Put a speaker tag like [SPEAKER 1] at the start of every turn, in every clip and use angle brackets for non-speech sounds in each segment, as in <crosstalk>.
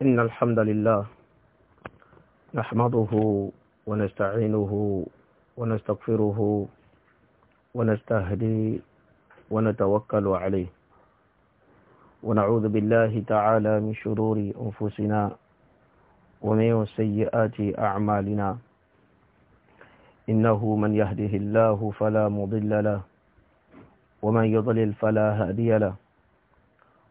[SPEAKER 1] إن الحمد لله نحمده ونستعينه ونستغفره ونستهدي ونتوكل عليه ونعوذ بالله تعالى من شرور أنفسنا ومن سيئات أعمالنا إنه من يهده الله فلا مضل له ومن يضلل فلا هادي له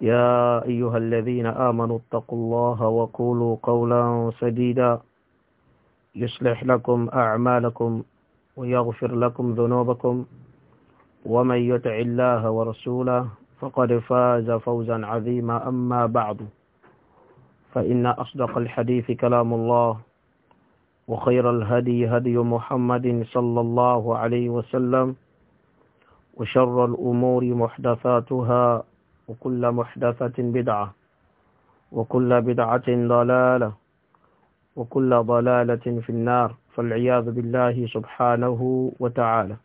[SPEAKER 1] يا أيها الذين آمنوا اتقوا الله وقولوا قولا سديدا يصلح لكم أعمالكم ويغفر لكم ذنوبكم ومن يطع الله ورسوله فقد فاز فوزا عظيما أما بعد فإن أصدق الحديث كلام الله وخير الهدي هدي محمد صلى الله عليه وسلم وشر الأمور محدثاتها وكل محدثة بدعة وكل بدعة ضلالة وكل ضلالة في النار فالعياذ بالله سبحانه وتعالى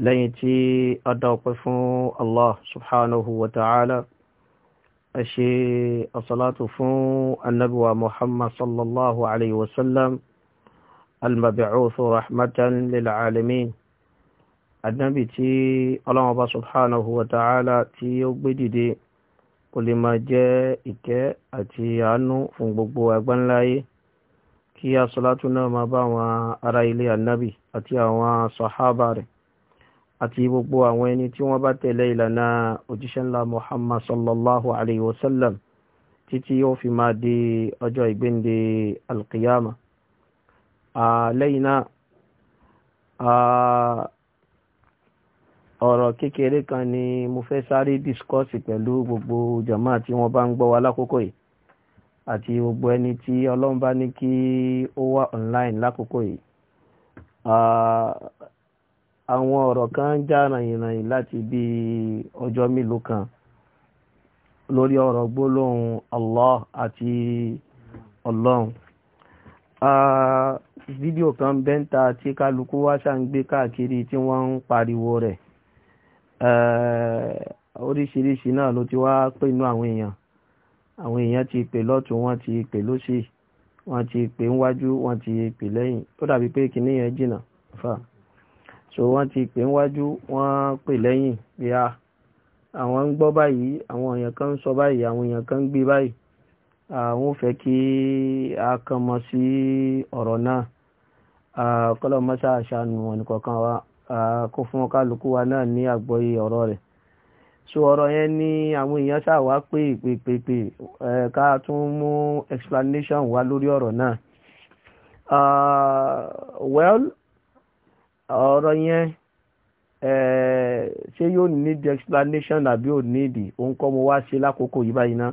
[SPEAKER 1] ليتي أدوقف الله سبحانه وتعالى أشي الصلاة فو النبوة محمد صلى الله عليه وسلم المبعوث رحمة للعالمين àdínábì tí ọlọ́run ọba subhanahu wa ta'ala tí ó gbé dìde kó lè máa jẹ́ ìkẹ́ àti àánú fún gbogbo agbáńláyé kí asọ́látún náà máa bá àwọn ará ilé ànábì àti àwọn sàhábà rẹ̀ àti gbogbo àwọn ẹni tí wọ́n bá tẹ̀lé ìlànà òjíṣẹ́ ńlá muhammad sallallahu alayhi wa sallam títí yóò fi máa di ọjọ́ ìgbéǹde alqiyama lẹ́yìn ọ̀rọ̀ kékeré kan ni mo fẹ́ sáré discourse pẹ̀lú gbogbo jàmá tí wọ́n bá ń gbọ́ wa lákòókò yìí àti gbogbo ẹni tí ọlọ́run bá ní kí ó wà online lákòókò yìí àwọn ọ̀rọ̀ kan ń já ràyìnràyìn láti bí ọjọ́ mélòó kan lórí ọ̀rọ̀ gbólóhùn Allah àti ọlọ́run fídíò kan bẹ́ńta tí kálukú wá ṣàǹgbé káàkiri tí wọ́n ń pariwo rẹ̀ Eh, oríṣiríṣi náà ló ti wá pè nú àwọn èèyàn àwọn èèyàn ti pè lọ́tún wọ́n ti pè lóṣì wọ́n ti pè ńwájú wọ́n ti pè lẹ́yìn ó dàbí pé kinní yẹn jìnnà fà so wọ́n ti pè ńwájú wọ́n pè lẹ́yìn bí a ah, àwọn ń gbọ́ báyìí àwọn èèyàn kan ń sọ báyìí àwọn èèyàn kan ń gbé báyìí àwọn fẹ́ kí a kàn mọ̀ sí ọ̀rọ̀ náà kọ́lọ́ mọ́ṣáṣá nu wọn nìkan kan wá kó fún kálukú wa náà ní àgbọ́yé ọ̀rọ̀ rẹ̀ so ọ̀rọ̀ yẹn ni àwọn èèyàn ṣàwá pé ìpèpèpè ká tún mú explanation wá lórí ọ̀rọ̀ náà well ọ̀rọ̀ yẹn ṣé yóò need explanation àbí ò need òun kọ́ mo wá ṣe lákòókò yìí báyìí ná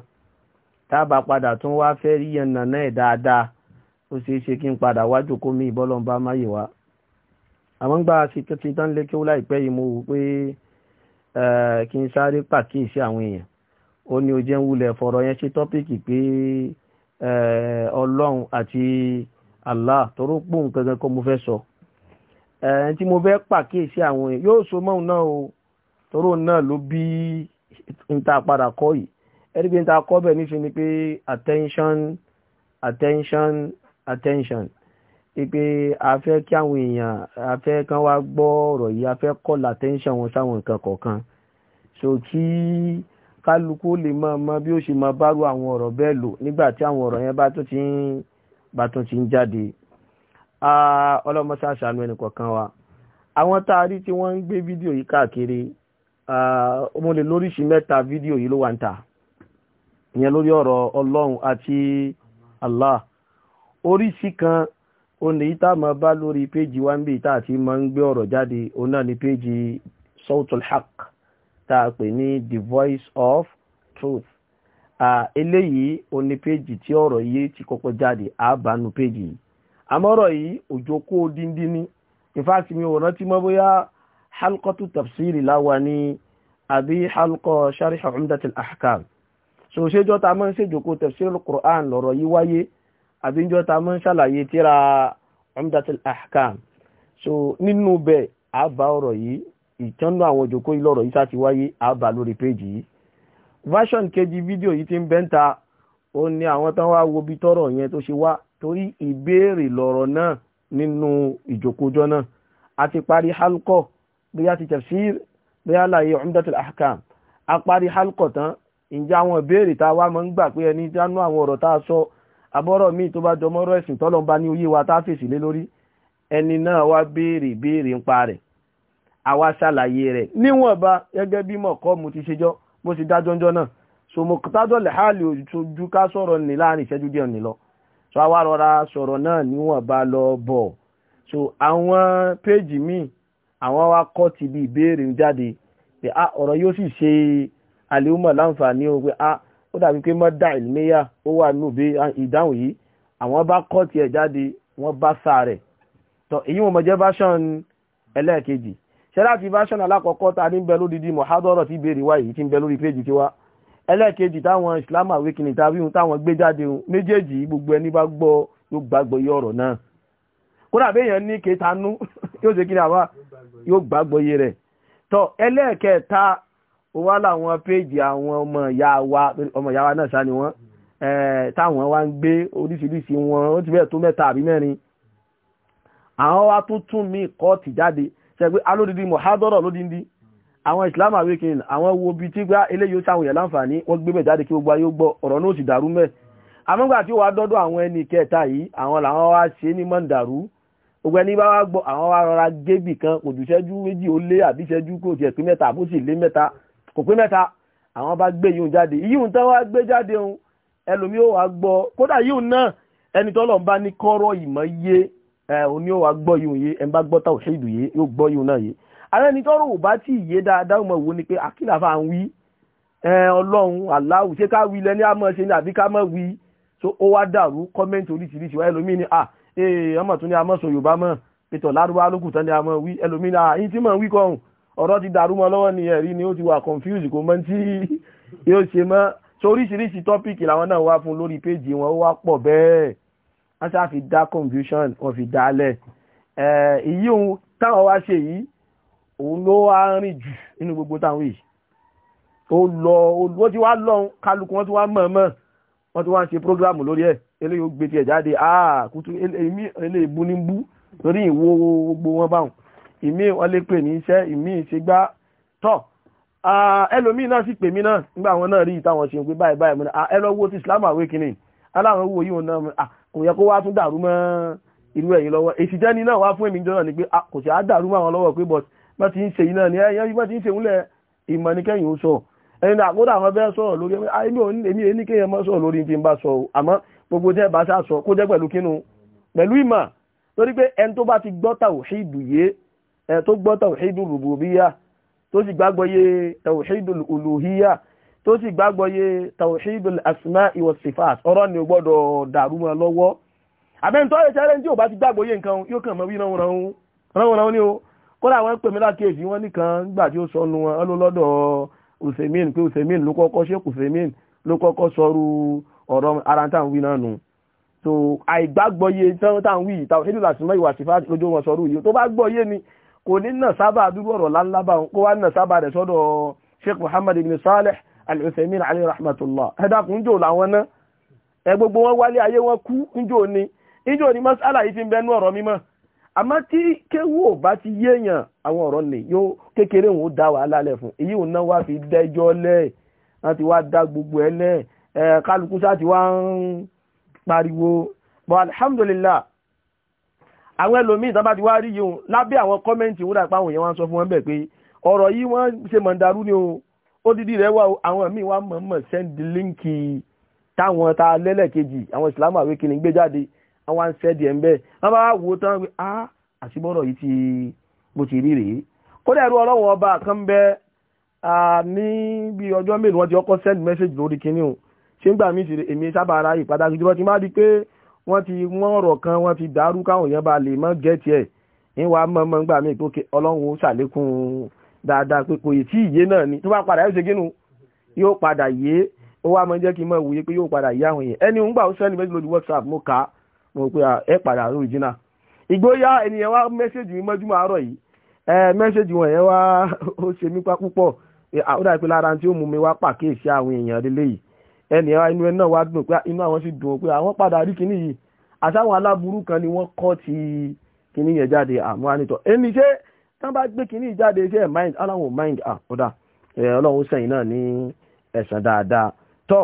[SPEAKER 1] tábà padà tún wá fẹ́ rí yẹn nàná dáadáa ó ṣeé ṣe kí n padà wájú kó mi ìbọ́lọ́mbá máyè wá àmọ́ ń gbà sí tó ti tán lé kí ó láìpẹ́ yìí mo wò pé kí n sáré pàkíyèsí àwọn èèyàn ó ní o ń wulẹ̀ fọ̀rọ̀ yẹn ṣe tọ́pìkì pé ọlọ́run àti Allah tọrọ pò ń gangan kọ́ mo fẹ́ sọ ẹni tí mo fẹ́ pàkíyèsí àwọn èèyàn yóò so mọ́hun náà o tọrọ náà ló bí n ta padà kọ́ yìí ẹni pé n ta kọ́ bẹ̀ níṣe ni pé attention attention attention pé a fẹ́ kí àwọn èèyàn a fẹ́ kán wá gbọ́ ọ̀rọ̀ yìí a fẹ́ call attention wọn sáwọn nǹkan kọ̀ọ̀kan so kí kálukú lè máa mọ bí ó ṣe máa bárú àwọn ọ̀rọ̀ bẹ́ẹ̀ lò nígbà tí àwọn ọ̀rọ̀ yẹn bá tún ti ń bá tún ti ń jáde ọlọ́mọṣáṣá nu ẹnì kọ̀ọ̀kan wa àwọn tá a rí tí wọ́n ń gbé fídíò yìí káàkiri mo lè lóríṣi mẹ́ta fídíò yìí ló wà ń ta ìyẹn lórí ọ̀rọ̀ ọlọ́run àti Allah oríṣi kan òun lèyí tá a máa bá lórí péjì wá ń bì tá a ti máa ń gbé ọ̀rọ̀ jáde òun náà ni péjì sautul haq tá a pè the voice of truth eléyìí òun ni péjì tí ọ̀rọ̀ yìí ti kọ́kọ́ jáde àbánu péjì yìí àmọ́ ọ̀rọ̀ yìí òjò kó díndín ní ìfáàsì mi ò rántí mọ́ bóyá halqatu tafsiri láwa ní àbí halqa sharh umdat al-ahkam so ṣéjọ́ ta máa ń ṣèjòkó tafsir quran lọ́rọ̀ yìí wáyé àbíjọ́ ta mọ́ ṣàlàyé tíra umdatul ahkam so nínú bẹ́ẹ̀ àbá ọ̀rọ̀ yìí ìtọ́nú àwọn òjòkó ìlọ́rọ̀ yìí sáti wáyé àbá lórí péjì yìí version kejì fídíò yìí ti ń bẹ́ńta ó ní àwọn tán wá wo tọ́rọ̀ yẹn tó ṣe wá torí ìbéèrè lọ̀rọ̀ náà nínú ìjòkójọ́ náà a ti parí halkọ̀
[SPEAKER 2] bóyá ti tafsir bóyá láyé umdatul ahkam a parí halkọ̀ tán ǹjẹ́ àwọn ìbéèrè tá a wá máa ń gbà pé ẹni dánú àwọn ọ̀rọ̀ tá a sọ so, abọ́rọ̀ míì tó bá jọmọ́rọ̀ ẹ̀sìn tọ́lọ́n bá ní oyé wa tá fèsì lé lórí ẹni náà wá béèrè béèrè ń pa rẹ̀ àwa ṣàlàyé rẹ̀ níwọ̀nba gẹ́gẹ́ bí mọ̀kọ́ mo ti ṣejọ́ bó ti dájọ́jọ́ náà so mo tájọ́ lẹ̀ háàlì ojú ká sọ̀rọ̀ ní láàrin ìṣẹ́jú díẹ̀ ní so àwa rọra sọ̀rọ̀ náà níwọ̀nba lọ bọ̀ so àwọn péèjì míì àwọn wa kọ́ ti bí ìbéèrè jáde pé ah ọ̀rọ̀ yóò sì ṣe àlè ó dàbí pé mọ́dà ìlúmẹ́yà ó wà nínú ìdáhùn yìí àwọn bá kọ́ tiẹ̀ jáde wọ́n bá sáà rẹ̀ tọ́ èyí wọn mọ̀ jẹ́ version ẹlẹ́ẹ̀kejì ṣẹ́láti version alákọ̀ọ́kọ́ ta ní bẹ lórí di mọ̀hádọ́rọ̀ tí béèrè wáyé tí ń bẹ lórí péjì tiwa ẹlẹ́ẹ̀kejì táwọn Islam awakening interview ohun táwọn gbé jáde ohun méjèèjì gbogbo ẹni bá gbọ́ yóò gbàgbọ́ iye ọ̀rọ̀ náà kódà béèyàn ní kétanú <laughs> yóò ṣe kí ni àwa yóò gbàgbọ́
[SPEAKER 1] iye rẹ̀ tọ́ ẹlẹ́ẹ̀kẹta ó wá láwọn péjì àwọn ọmọ ìyá wa ọmọ ìyá wa náà sá ni wọ́n táwọn wá ń gbé oríṣiríṣi wọn ó ti bẹ́ẹ̀ tó
[SPEAKER 2] mẹ́ta àbí mẹ́rin àwọn wa tó tún mí kọ́ tì jáde ṣe pé alódìdí mọ̀hádọ́rọ̀ lódìdí àwọn islam awakening àwọn wo bí tí gbá eléyìí ó sáwọn yẹn láǹfààní wọ́n gbé bẹ̀ jáde kí gbogbo ayé gbọ́ ọ̀rọ̀ náà sì dàrú mẹ́ àmọ́gbà tí ẹni bá wá gbọ́ àwọn wá rọra gébì kan kò jù ṣẹ́jú méjì ó lé àbí ṣẹ́jú kò tiẹ̀ pé mẹ́ta àbó sì lé mẹ́ta kò pé mẹ́ta àwọn bá gbé yíhun jáde yíhun tán wá gbé jáde òun ẹlòmí ó wá gbọ́ kódà yíhun náà ẹni tọ́lọ̀ ń bá ní kọ́rọ̀ ìmọ̀ yé ẹ òní ó wá gbọ́ yíhun yé ẹ ń bá gbọ́ tá òṣèlú yé yóò gbọ́ yíhun náà yé àwọn ẹni tọ́rọ̀ ò bá tí ì yé dáadáa mọ̀ wò ni pé àkìlà fà ń wí ẹ ọlọ́run aláwù ṣé ká wí lẹ́ni àmọ́ ṣe ni àbí ká mọ̀ wí so ó wá dàrú kọ́mẹ́ǹtì oríṣiríṣi wá ẹlòmí ni ah eh, ee ọmọ ọ̀rọ̀ ti dàrú mọ́ lọ́wọ́ ni ẹ̀rí ni ó ti wà confused kò mọ̀ tí yóò ṣe mọ́ so oríṣiríṣi tọ́pìkì làwọn náà wá fún lórí péjì wọn ó wá pọ̀ bẹ́ẹ̀ wọ́n ṣáà fi dá confusion wọ́n fi dálẹ̀ èyí òun táwọn wá ṣe yìí òun ló wá rìn jù nínú gbogbo táwọn yìí ó lọ ó ti wá lọ́hùn kálukú wọn ti wá mọ̀ọ́mọ̀ wọ́n ti wá ń ṣe prógráàmù lórí ẹ̀ eléyìí ó gbé tiẹ̀ jáde ah kùtù eléyìí bú ní bú lórí ìwo gbogbo wọn báwọn ìmí wọ́n lè pè ní iṣẹ́ ìmí ìṣègbà tọ́ ẹlòmíì náà sì pè mí náà nígbà àwọn náà rí ìtàwọn ṣe ń pé báyìí báyìí mọ́nà ẹ lọ wo ti Islam àwé kìíní aláwọn owó yìí wọn náà kò yẹ kó wá tún dàrú mọ́ irú ẹ̀yìn lọ́wọ́ èsì jẹ́ni náà wá fún èmi jọ náà ni pé kò sì á dàrú mọ́ àwọn lọ́wọ́ pé bọ́t bá ti ń ṣe yìí náà ni ẹ̀yìn bá ti ń ṣe òun lẹ̀ ìmọ̀ ní kẹ́yìn ó sọ ẹni náà kódà àwọn bẹ́ẹ̀ sọ̀rọ̀ lórí ẹni èmi èmi kéèyàn mọ́ sọ̀rọ̀ lórí ti ń bá sọ àmọ́ gbogbo jẹ́ bá sá sọ kó jẹ́ pẹ̀lú kínú pẹ̀lú ìmọ̀ torí pé ẹni tó bá ti gbọ́ tàwọ̀ sí ìdùyé ẹ tó gbọ́ tawhidul rububiyya tó sì gbàgbọ́ yé tawhidul uluhiyya tó sì gbàgbọ́ yé tawhidul asma'i was sifat ọ̀rọ̀ ni ò gbọ́dọ̀ dàrú mọ́ lọ́wọ́ àbẹ́ntọ́ ẹ̀ṣẹ́ rẹ̀ tí ò bá ti gbàgbọ́ yé nǹkan yóò kàn mọ́ wí ránwọ̀ránwọ̀ ni ó kódà wọ́n pè mí lákèèsí wọ́n nìkan nígbà tí ó sọnù wọn ló lọ́dọ̀ Usaimin pé Usaimin so àìgbàgbọ́yé táwọn táwọn wí tawhidul asma'i wa sifat lójú wọn sọrú yìí tó bá gbọ́yé ni kò ní nà sábà àdúgbò ọ̀rọ̀ láńlábà kó wá nà sábà rẹ̀ sọ́dọ̀ sheikh muhammad ibn saleh al-uthaymin alayhi rahmatullah ẹ̀dàkùn jò làwọn náà ẹ gbogbo wọn wálé ayé wọn kú njò ni njò ni masala yìí fi ń bẹnu ọ̀rọ̀ mímọ́ àmọ́ tí kéwú ò bá ti yéèyàn àwọn ọ̀rọ̀ nì yóò kékeré òun ó dá wàhálà lẹ̀ fún èyí òun náà wá fi dẹ́jọ́ lẹ̀ wọ́n ti wá dá gbogbo ẹ lẹ̀ kálukú sá ti wá ń pariwo but alhamdulillah àwọn ẹlòmíì tán bá ti wá rí yìí òun lábẹ́ àwọn kọ́mẹ́ǹtì wúrà pa àwọn èèyàn wá sọ fún wọn bẹ̀ pé ọ̀rọ̀ yìí wọ́n ṣe mọ̀ǹdàrú ni o odidi rẹ̀ wà àwọn míì wá mọ̀ọ́mọ̀ sẹ́ndì líǹkì táwọn ta lẹ́lẹ̀kejì àwọn ìsìlámù àwé kìnnì gbé jáde àwọn sẹ́dì ẹ̀ ń bẹ̀ wọ́n bá wò ó tán pé a àṣìbọ̀rọ̀ yìí ti bó ti rí rèé kódà ẹ̀rú ọlọ́wọ́ ọba kan bẹ ní bí ọjọ́ mélòó wọn ti ọkọ send message lórí kinní o ṣé ń gbà mí sí èmi sábà ara ìpadà jùlọ ti má di pé wọ́n ti wọ́n ọ̀rọ̀ kan wọ́n ti dàrú káwọn èèyàn bá lè mọ́ gẹ́tì ẹ̀ ń wá mọ́mọ́ gbà mí pé ọlọ́run ó ṣàlékún dáadáa pé kò yìí tí ìyé náà ni tó bá padà yóò ṣe kínú yóò padà yé ó wá mọ́ jẹ́ kí n mọ̀ wòye pé yóò padà yé àwọn èèyàn ẹni ń gbà ó sẹ́ni méjì lórí WhatsApp mo kà á mo pe ẹ padà original ìgbóyà ènìyàn wá mẹ́sẹ̀jì mọ́júmọ́ àárọ̀ yìí ẹ mẹ́sẹ̀jì wọn yẹn wá ó ṣe mí pa púpọ̀ ó dà pé lára tí ó mú mi wá pàkíyèsí àwọn èèyàn lélẹ́yìí ẹnì inú ẹ náà wá dùn pé inú àwọn sì dùn pé àwọn padà rí kinní yìí àtàwọn aláburú kan ni wọ́n kọ́ ti kinní yẹn jáde àmọ́ ànitọ́ èmi ṣé tán bá gbé kinní yìí jáde
[SPEAKER 1] ṣe mind aláwọ̀ mind àkọ́dà ọlọ́run sẹ́yìn náà ní ẹ̀sán dáadáa tọ́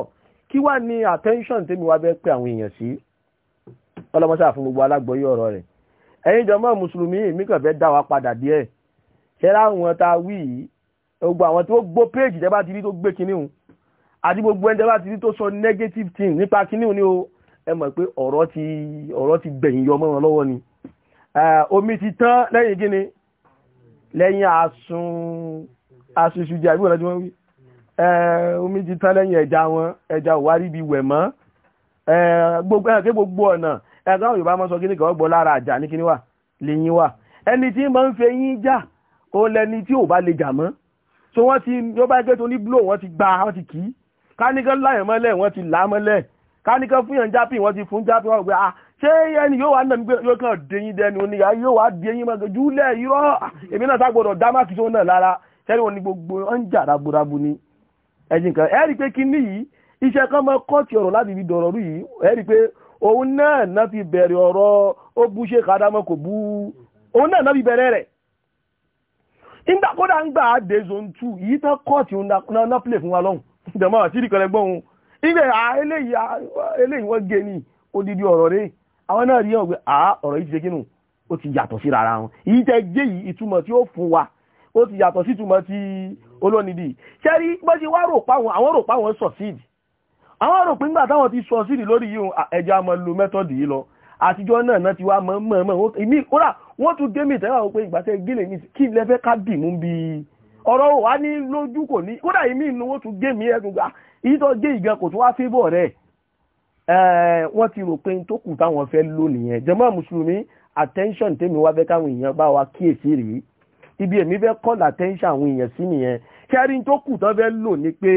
[SPEAKER 1] kí wá ní attention tèmi wá bẹ́ pé àwọn èèyàn sí ọlọ́mọṣà fún
[SPEAKER 2] gbogbo alágbọ̀yé ọ̀rọ̀ rẹ̀ ẹ̀yin jọmọ́ mùsùlùmí mi kàn fẹ́ dá wa padà díẹ̀ ṣẹ́ra àti gbogbo ẹni tẹ́lá ti rí tó sọ negative thing nípa kíní ni o ẹ mọ̀ pé ọ̀rọ̀ ti ọ̀rọ̀ ti gbẹ̀yìn yọ mọ́ wọn lọ́wọ́ ni omi ti tán lẹ́yìn kíni lẹ́yìn asun asunṣujú àbí wọ́n lọ́jọ́ wọ́n wí omi ti tán lẹ́yìn ẹja wọn ẹja ò wá rí ibi wẹ̀ mọ́ gbogbo ẹ̀kẹ́ gbogbo ọ̀nà ẹ̀ka àwọn Yorùbá máa sọ kíní kan gbọ́ lára àjà ní kíní wà lẹ́yìn wà ẹni tí máa ń fẹ́ yín jà ó lẹni tí ò bá lè jà mọ́ so wọ́n ti yọba ẹgbẹ́ tó ní blow wọ́n ti gba wọ́n ti kì káníkan láyàn mọ́lẹ̀ wọ́n ti là mọ́lẹ̀ káníkan fún yàn jápì wọ́n ti fún jápì wọ́n gbé ah ṣé ẹni yóò wá nàmí pé yóò kàn dẹyìn dẹnu oníyà ah, yóò wá dẹyìn mọ́ júlẹ̀ irọ́ èmi náà ságbọ́dọ̀ dámàkì tó náà lára ṣẹ́ni wọn ni gbogbo ń jà raburabu ni ẹ̀jìn kan ẹ̀rí pé kí ní yìí iṣẹ́ kan mọ́ kọ́ọ̀tì ọ̀rọ̀ láti fi dọ̀rọ̀ rú yìí ẹ̀rí pé òun náà náà fi bẹ̀rẹ̀ ọ̀rọ̀ ó bú ṣe kàdámọ́ kò bú òun náà náà fi bẹ̀rẹ̀ rẹ̀ nígbà kódà ń gbà á dé zone two yìí tán kọ́ọ̀tì náà náà play fún wa lọ́hùn ìjọba àti ìdíkan ẹgbọ́n òun ilé eléyìí wọ́n gé ní odidi ọ̀rọ̀ rẹ̀ àwọn náà rí ọ̀gbẹ́ à ọ̀rọ̀ yìí ó ti yàtọ̀ sí rárá wọn èyí tẹ gé yìí ìtumọ̀ tí ó fún wa ó ti yàtọ̀ sí ìtumọ̀ tí olónìdí ṣẹ́rí bó ṣe wá rò páwọn àwọn rò páwọn sọ̀síìdì àwọn rò pé nígbà táwọn ti sọ̀síìdì lórí yìí ẹja máa lo mẹ́tọ̀dì yìí lọ àtijọ́ náà náà ti wá mọ̀ mọ̀ mọ̀ ìmí kódà wọ́n tún gé mi tẹ́wà wọ́n pé ìgbà tẹ́ gílè ní ọ̀rọ̀ wà ní lójú kò ní kódà ìmí ìnáwó tún gé mi ẹ̀dùn gbà èyí tó gé ìgan kò tún wá fébọ̀ rẹ̀ wọ́n ti rò pé tó kù táwọn fẹ́ lò nìyẹn jàmáà mùsùlùmí attention tèmi wá fẹ́ káwọn èèyàn bá wa kíyèsí rèé ibi èmi fẹ́ call attention àwọn èèyàn sí nìyẹn kẹ́rí tó kù tán fẹ́ lò ní pé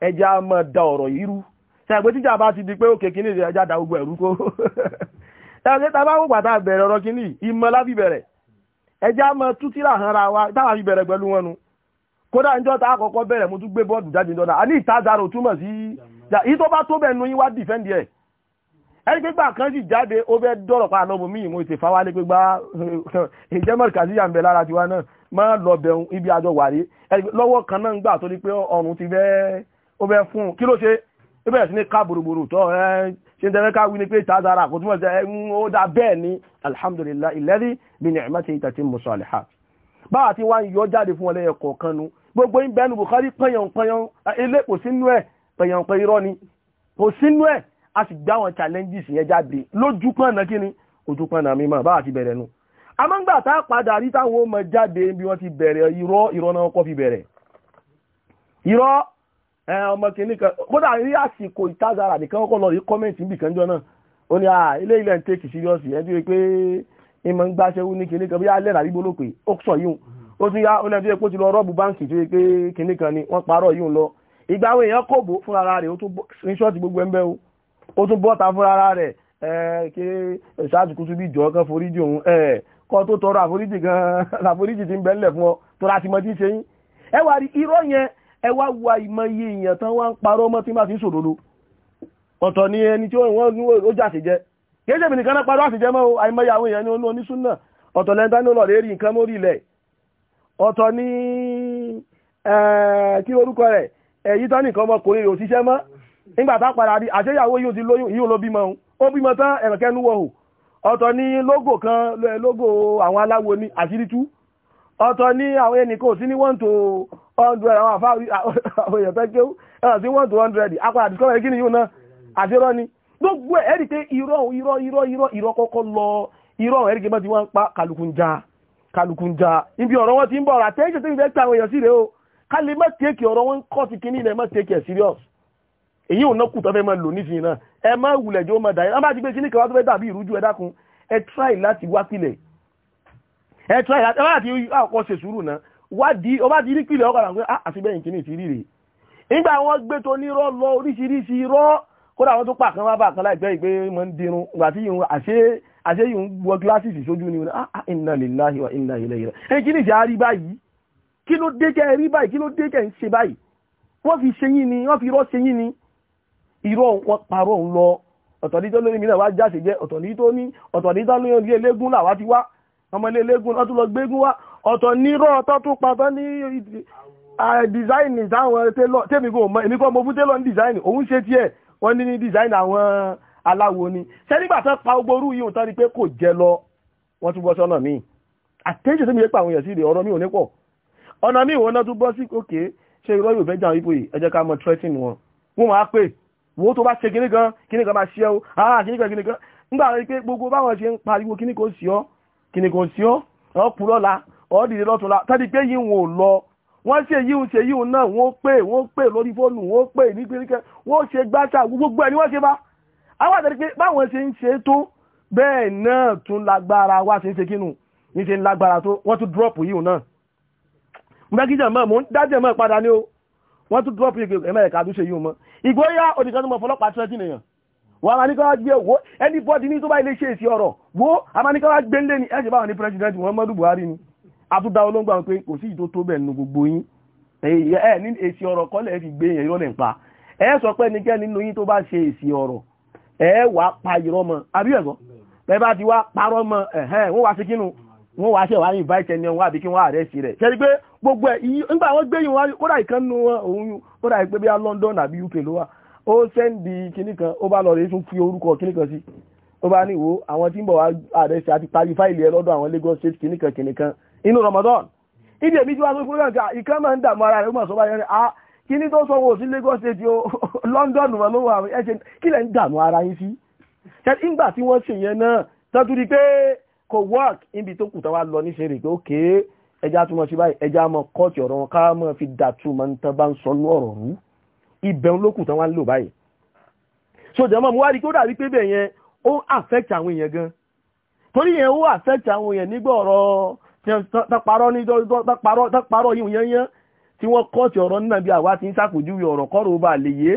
[SPEAKER 2] ẹja máa da ọ̀rọ̀ yìí rú ṣàgbé tíjà bá ti di pé òkè kínní ẹja da gbogbo ẹ̀rú kó ṣàgbé tá a bá wò pàtà bẹ̀rẹ̀ ọ̀rọ̀ kínní ìmọ̀ láfi bẹ̀rẹ̀ ẹja máa tútìlà hanra wa táwa fi bẹ̀rẹ̀ pẹ̀lú wọn nu kódà níjọ́ tá àkọ́kọ́ bẹ̀rẹ̀ mo tún gbé bọ́ọ̀dù jáde níjọ́ náà a ní ìtajà rò túmọ̀ sí yìí tó bá tó bẹ̀ nu yín wá dìfẹ́ǹdì ẹ̀ ẹni gbégbà kan sì jáde ó fẹ́ dọ̀rọ̀ pa àlọ́mù míì mo ṣe fáwálé gbégbà <laughs> ìjẹ́mọ̀rì kàṣíyà ń bẹ lára tiwa náà máa lọ bẹ̀rù ibi àjọ wàrí lọ́wọ́ kan náà ń gbà torí pé ọrùn ti fẹ́ ó fẹ́ fún un kí ló ṣe ó bẹ̀rẹ̀ sí ní ká bòròbòrò tọ́ ẹ ṣe ń tẹ́fẹ́ ká wí ni pé ìtajà rà sí ẹ ń ó dá bẹ́ẹ̀ ni alhamdulillah alladhi bi ni'matihi tatimmu salihat báwa ti wá ń yọ jáde fún ọlẹ́yẹ kọ̀ọ̀kan nu gbogbo ń bẹnu Bukhari pẹ̀yànpẹ̀yàn ilé kò sínú ẹ̀ pẹ̀yànpẹ̀ irọ́ ni kò sínú ẹ̀ a sì gbá wọn challenges yẹn jáde lójú pọ̀nà kí ni ojú pọ̀nà mímọ̀ báwa ti bẹ̀rẹ̀ nu amọ́ngbà tá a padà rí táwọn ọmọ jáde bí wọ́n ti bẹ̀rẹ̀ irọ́ irọ́ náà kọ́ fi bẹ̀rẹ̀ irọ́ ọmọ kìíní kan kódà rí àsìkò ìtazara nìkan kọ́ lọ rí kọ́mẹ̀ntì níbìkan jọ náà ó ní à ilé ilẹ̀ ń tèkì síríọ́sì ẹ ìmọ̀ ń gbáṣẹ́ wú ní kinní kan bí alẹ́ rà gbígbó lópè ó sọ yìí ó tún yá ó náà fi epo ti lọ rọ́ọ̀bù báǹkì tó yẹ pé kinní kan ni wọ́n parọ́ yìí lọ ìgbà àwọn èèyàn kò bó fúnra rẹ̀ ó tún ṣọ́ọ̀tì gbogbo ẹ̀ ń bẹ́ ó tún bọ́ta fúnra rẹ̀ kí ṣáàtùkútù bí jọ kan foríjì òun kọ́ tó tọrọ àforíjì gan <laughs> àforíjì ti ń bẹ́ńlẹ̀ fún ọ tó láti mọ tí ń ṣe yín ẹ wá rí irọ́ yẹn ẹ wá wá ìmọye èèyàn tán wá ń parọ́ mọ́ tí má fi ń sòdodo ọ̀tọ̀ ni ẹni tí wọ́n ń ó jàṣe jẹ́ kìí ṣe ìbìnìkan náà parọ́ àṣìjẹ́ mọ́ àìmọye àwọn èèyàn ní oníṣúná ọ̀tọ̀ lẹ́ńtà ní olóòrè rí nǹkan mórí ilẹ̀ ọ̀tọ̀ ní kí orúkọ rẹ̀ èyí tán nìkan ọmọkùnrin rẹ̀ òṣìṣẹ́ mọ́ nígbà tá padà rí àṣeyàwó yóò ti lóyún yóò ló bímọ ó bímọ tán ẹ̀rọ̀kẹ́nu wọ̀ hù ọ̀tọ̀ ní lógò kan lógò àwọn aláwo ní àṣírí tú ọ̀tọ̀ ní àwọn ẹnìkan òsí ní one to hundred àwọn àfáà àwọn èèyàn fẹ́ kéwú ẹ̀rọ sí one to hundred apá àdìsọ́rọ̀ kí ni yóò náà àṣírọ́ ni gbogbo ẹ̀ ẹ́rì pé irọ́ irọ́ irọ́ irọ́ kọ́kọ́ lọ irọ́ ẹ̀rì pé ń pa kàlùkùnjà ọ̀rọ̀ wọn ti ń bọ̀ o wọn ti gbé tó lọ kódà àwọn tó pa kan wá bá kan láìpẹ́ ìpé mọ́ ń dirun ìgbà tí yìí àṣẹ àṣẹ yìí ń wọ gíláṣìsì sójú ni ah, ah inna lillahi wa inna ilayhi ẹ kí ni ìṣe àárí báyìí kí ló dé kẹ́ rí báyìí kí ló dé kẹ́ ń ni wọ́n fi irọ́ ṣe yín ni mi náà wá jáde jẹ́ ọ̀tọ̀ ní tó ní ọ̀tọ̀ ní tó lórí elégún làwa ti wá ọmọ ilé elégún lọ́tú lọ eh, design táwọn tẹ́lọ̀ tẹ́mi kò mọ èmi kọ́ mo fún tẹ́lọ̀ ní design òun ṣe tiẹ̀ wọ́n ní ní design àwọn aláwo ni ṣé nígbà tán pa ogboru yìí tán rí pé kò jẹ lọ wọ́n tún bọ́ sọ́nà míì àtẹ́jọ́ sí mi yẹ pé àwọn èèyàn sí ilé ọ̀rọ̀ mi ò ní pọ̀ ọ̀nà míì wọn náà tún bọ́ sí òkè ṣe irọ́ yóò fẹ́ jà wípé ẹ ká mọ threatening wọn wọ́n máa pè wo tó bá ṣe kíní kan kíní kan máa ṣe ọ́ ah kíní gan kíní gan. nígbà rí pé gbogbo báwọn ṣe ń pariwo kíní kan sí ọ́ kíní kan sí ọ́ ọ́ kú lọ́la ọ́ dìde lọ́tún la tàbí pé yìí wọn ò lọ wọ́n ṣe yíhun ṣe yíhun náà wọ́n pè wọ́n pè lórí fóònù wọ́n pè ní pínlẹ̀ wọ́n ṣe gbáṣà gbogbo ẹ̀ ni wọ́n ṣe bá àwọn àtẹ̀rí pé báwọn ṣe ń ṣe tó bẹ́ẹ̀ náà tún lágbára wá ṣe ń ṣe kínú ní ṣe ń lágbára tó wọ́n tún drop yíhun náà mẹ́kíjà mọ́ mọ́ dájẹ̀ mọ́ padà ní o wọ́n tún drop yíhun ẹ̀mẹ́rẹ̀ká tún ṣe yíhun mọ́ ìgbóyà òdìkan tó mọ̀ fọlọ́pàá twenty nìyàn wọ́n a ní káwà gbé wo anybody ní tó bá ilé ṣe èsì ọ̀rọ̀ wo a máa ní káwà gbé ńlé ní ẹ̀ṣẹ̀ báwọn ní president Muhammadu Buhari ni abúdá olóngbà pé kò sí ìtò tó bẹ̀ nù gbogbo yín ẹ ní èsì ọ̀rọ̀ kọ́lẹ̀ fi gbé yẹn ìrọ̀lẹ̀ pa ẹ sọ pé ẹnikẹ́ni nínú yín tó bá ṣe èsì ọ̀rọ̀ ẹ wà pa irọ́ mọ́ àbí ẹ̀kọ́ bẹ́ẹ̀ bá ti wá parọ́ mọ́ ẹ̀hẹ́n wọ́n wá sí kínú wọ́n wá ṣẹ̀wá ní ìbá ìtẹni ọ̀hún àbí kí wọ́n ààrẹ sí rẹ̀ ṣẹ́rí pé gbogbo ẹ̀ nígbà wọ́n gbé ìwọ̀n kódà ìkánnú òun kódà ìpé bí i London àbí UK ló wà ó sẹ́ndì kìíní kan ó bá lọ rèé tún fi orúkọ kìíní kan sí ó bá níwò àwọn tí ń bọ̀ wá ààrẹ sí àti parí fáìlì ẹ lọ́dọ̀ àwọn Lagos State kìíní kan kìíní kan inú Ramadan ìdí èmi tí wá sókúrò náà ìkan máa ń dààmú ara rẹ̀ ó mọ̀ sọ rẹ̀ ah kí ní tó sọ wò sí Lagos state o <laughs> London wọn ló wà ẹ ṣe kí lẹ́ ń dààmú ara yín sí nígbà tí wọ́n ṣe yẹn náà tọ́jú rí pé kò work níbi tó kù tó wá lọ níṣẹ́ rè pé ókè ẹja túmọ̀ sí báyìí ẹja mọ kọ́ọ̀tì ọ̀rọ̀ wọn ká mọ̀ fi dàtúmọ̀ ní tán bá ń sọnú ọ̀rọ̀ rú ibẹ̀ ló kù tán ń lò báyìí so jẹmọ́ mú wá rí kó dàbí pé bẹ̀ yẹn ó affect àwọn èèyàn gan torí yẹn ó affect tọ́parọ́ ní tọ́parọ́ yìí yányán tí wọ́n kọ́ọ̀tì ọ̀rọ̀ náà bí àwa ti ń sàpòjúwe ọ̀rọ̀ kọ́rọ̀ bá lè yé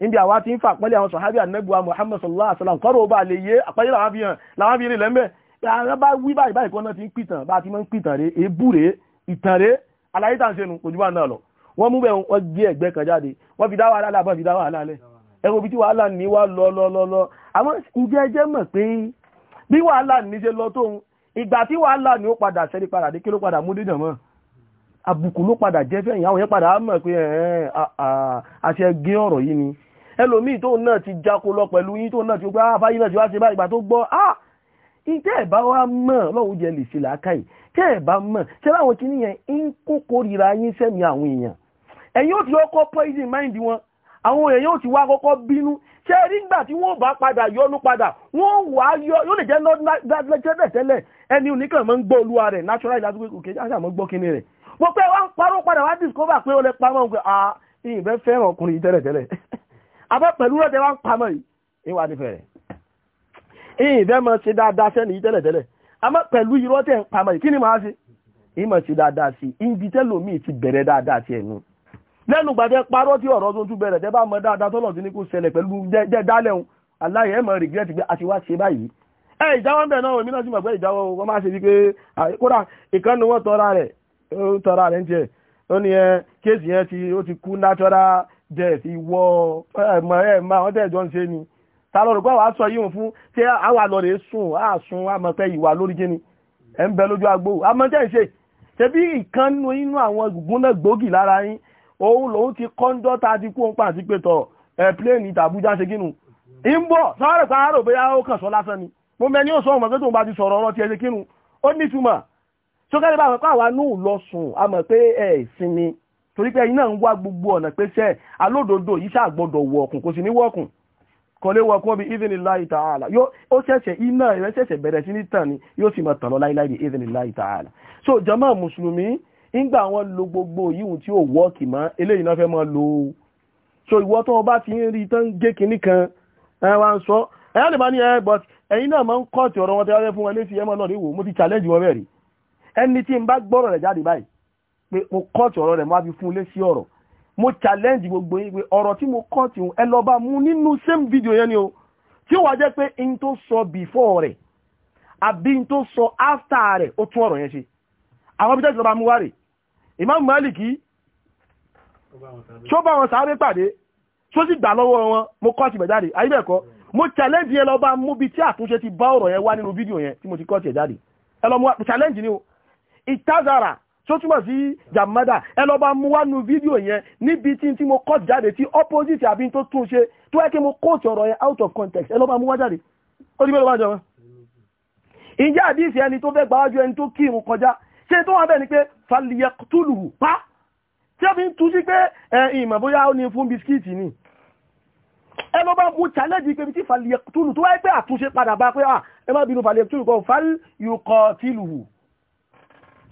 [SPEAKER 2] níbi àwa ti ń fà pẹ́lẹ̀ àwọn sọ̀hábí ànẹ́gbà Muhammad sallallahu alaihi wasallam kọ́rọ̀ bá lè yé àpẹ́lẹ̀ làwọn fi hàn làwọn fi rìn lẹ́m̀bẹ̀ àwọn bá wí báyìí báyìí kan náà ti ń pìtàn bá ti máa ń pìtàn rè ébù rè ìtàn rè alayé tà ń senu kò jù bá náà lọ wọ́n mú bẹ́ẹ̀ wọ́n gé ẹ̀gbẹ́ kan jáde wọ́n fi dá wàhálà lábọ́n fi dá wàhálà lẹ̀ ẹ̀rọ bí tí wàhálà ní ìgbà tí wàhálà ni ó padà sẹ́rí padà dé kí ló padà mú dídàn mọ́ àbùkù ló padà jẹ́ fẹ́ ìyàwó yẹn padà mọ̀ pé ẹ̀ẹ́ àṣẹ gé ọ̀rọ̀ yìí ni ẹlòmíì tóun náà ti jákó lọ pẹ̀lú yín tóun náà ti gbọ́ ah, àfáyí náà ti wá ṣe báyìí ìgbà tó gbọ́ ah ìtẹ́ ẹ̀bá wa mọ̀ lọ́wọ́ jẹ́ lè ṣe làákàyè tẹ́ ẹ̀bá mọ̀ ṣe láwọn kìíní yẹn ń kó kórìíra yín sẹ́mi àwọn èèyàn ẹ̀yin ó ti kọ́kọ́ poison mind wọn àwọn èèyàn ó ti wá kọ́kọ́ bínú ṣé rí nígbà tí wọ́n bá padà yọnu padà wọ́n wà á lè jẹ́ lọ́dún tẹ́lẹ̀ ẹni oníkan máa ń gbọ́ olúwa rẹ̀ natural ìlàdúgbò òkè àṣà máa ń gbọ́ kíní rẹ̀ wọ́n pé wọ́n parọ́ padà wá discover pé ó lè pamọ́ òkè à ah, ìyìnbẹ́ fẹ́ràn ọkùnrin yìí tẹ́lẹ̀tẹ́lẹ̀ abẹ́ <laughs> pẹ̀lú rẹ̀ tẹ́ wá ń pamọ́ yìí ìwà nífẹ̀ẹ́ rẹ̀ ìyìnbẹ́ máa ṣe dáadáa sẹ́ni yìí tẹ́lẹ̀tẹ́lẹ̀ àmọ́ pẹ̀lú irọ́ tẹ́ ń pamọ́ yìí kí ni màá ṣe ìmọ̀ ṣe dáadáa sí ibi tẹ́lòmíì ti bẹ̀rẹ̀ dáadáa ti ẹ̀nu lẹ́nu gbàdẹ parọ́ tí ọ̀rọ̀ tó tún bẹ̀rẹ̀ tẹ́ bá mọ dáadáa tọ́lọ̀ tí ní kò ṣẹlẹ̀ pẹ̀lú jẹ́ dálẹ̀ ohun aláyẹ̀ ẹ̀mọ̀ regret pé a ti wá ṣe báyìí ẹ ìjáwọ́ ń bẹ̀ náà èmi náà sì mọ̀ pé ìjáwọ́ wọn máa ṣe wípé kódà ìkànnì wọn tọ́ra rẹ̀ ó tọ́ra rẹ̀ ń tiẹ̀ ó ní ẹ kéèsì yẹn ti ó ti kú natural death ìwọ ẹ̀mọ ẹ̀mọ àwọn tẹ̀jọ́ ń ṣe ni ta ló rò pé wàá sọ yíwọ̀n fún ṣé àwa lọ rè sùn á sùn àmọ́ pé ìwà lórí kíni ẹ̀ ń bẹ lójú agbó àmọ́ tẹ̀ ń ṣe mo mẹ ní òṣùwọ̀n ọmọ pé tóun bá ti sọ̀rọ̀ ọ̀rọ̀ ti ẹ̀ṣẹ̀ kírun ó nítumọ̀ tó kẹ́lẹ́ bá wọn pàwọ́ àánú lọ sùn a mọ̀ pé ẹ̀ sinmi torí pé ẹ̀yin náà ń wá gbogbo ọ̀nà pé sẹ́ alódodo yìí ṣàgbọ́dọ̀ wọ̀ọ̀kùn kò sì ní wọ̀ọ̀kùn kò lè wọ̀ọ̀kùn bí even ilayi ta'ala ó ṣẹ̀ṣẹ̀ iná rẹ̀ ṣẹ̀ṣẹ̀ bẹ̀rẹ̀ sí ní tàn ni yóò sì mọ̀ tàn lọ láíláì even ilayi ta'ala so jama mùsùlùmí ńgbà wọn lo gbogbo yíhun tí ó wọ́ọ̀kì mọ́ eléyìí náà fẹ́ mọ́ lo so ìwọ tó o bá ti ń rí tán gé kinní kan ẹ wá ń sọ ẹ lè bá ní ẹ eh, but ẹ̀yin náà máa ń kọ́ọ̀tì ọ̀rọ̀ wọn tẹ́ wáyé fún wọn létí ẹmọ lọ́rí wò mo ti challenge wọn bẹ̀rẹ̀ ẹni tí n bá gbọ́rọ̀ rẹ̀ jáde báyìí pé mo kọ́ọ̀tì ọ̀rọ̀ rẹ̀ mo á fi fún un lésì ọ̀rọ̀ mo challenge gbogbo yín pé ọ̀rọ̀ tí mo kọ́ọ̀tì ẹ lọ bá mú nínú same video yẹn ni o tí ó wá jẹ́ pé in tó sọ before rẹ̀ àbí in tó sọ after rẹ̀ ó tún ọ̀rọ̀ yẹn ṣe àwọn bí tẹ́sí lọ bá mú wá rè Imam Maliki tó bá wọn sáré pàdé tó sì gbà lọ́wọ́ wọn mo kọ́ọ̀tì bẹ̀ jáde ayé bẹ́ẹ̀ kọ́ mo challenge yẹn lọ bá mú bí tí àtúnṣe ti bá ọ̀rọ̀ yẹn wá nínú fídíò yẹn tí mo ti kọ́ tiẹ̀ jáde ẹ challenge ni o ìtazara tó túmọ̀ sí jamada ẹ lọ bá mú wá nínú fídíò yẹn níbi tí tí mo kọ́ jáde tí opposite àbí tó tún ṣe tó yẹ kí mo kó ti ọ̀rọ̀ yẹn out of context ẹ lọ bá mú wá jáde ó ti bẹ́ẹ̀ lọ bá jọ wọn. ìjà àdìsí ẹni tó fẹ́ gbáwájú ẹni tó kírun kọjá ṣe tó wà bẹ́ẹ̀ ni pé faliyakutulu pa tí ó fi ń tu sí pé ìmọ̀ bóyá ó ní fún bisikíìtì ni ẹ ló bá mú challenge pé tí fàlìyàtúlù tó wáyé pé àtúnṣe padà bá pé ẹ má bínú fàlìyàtúlù kan fàlìyàkọ̀ tìlù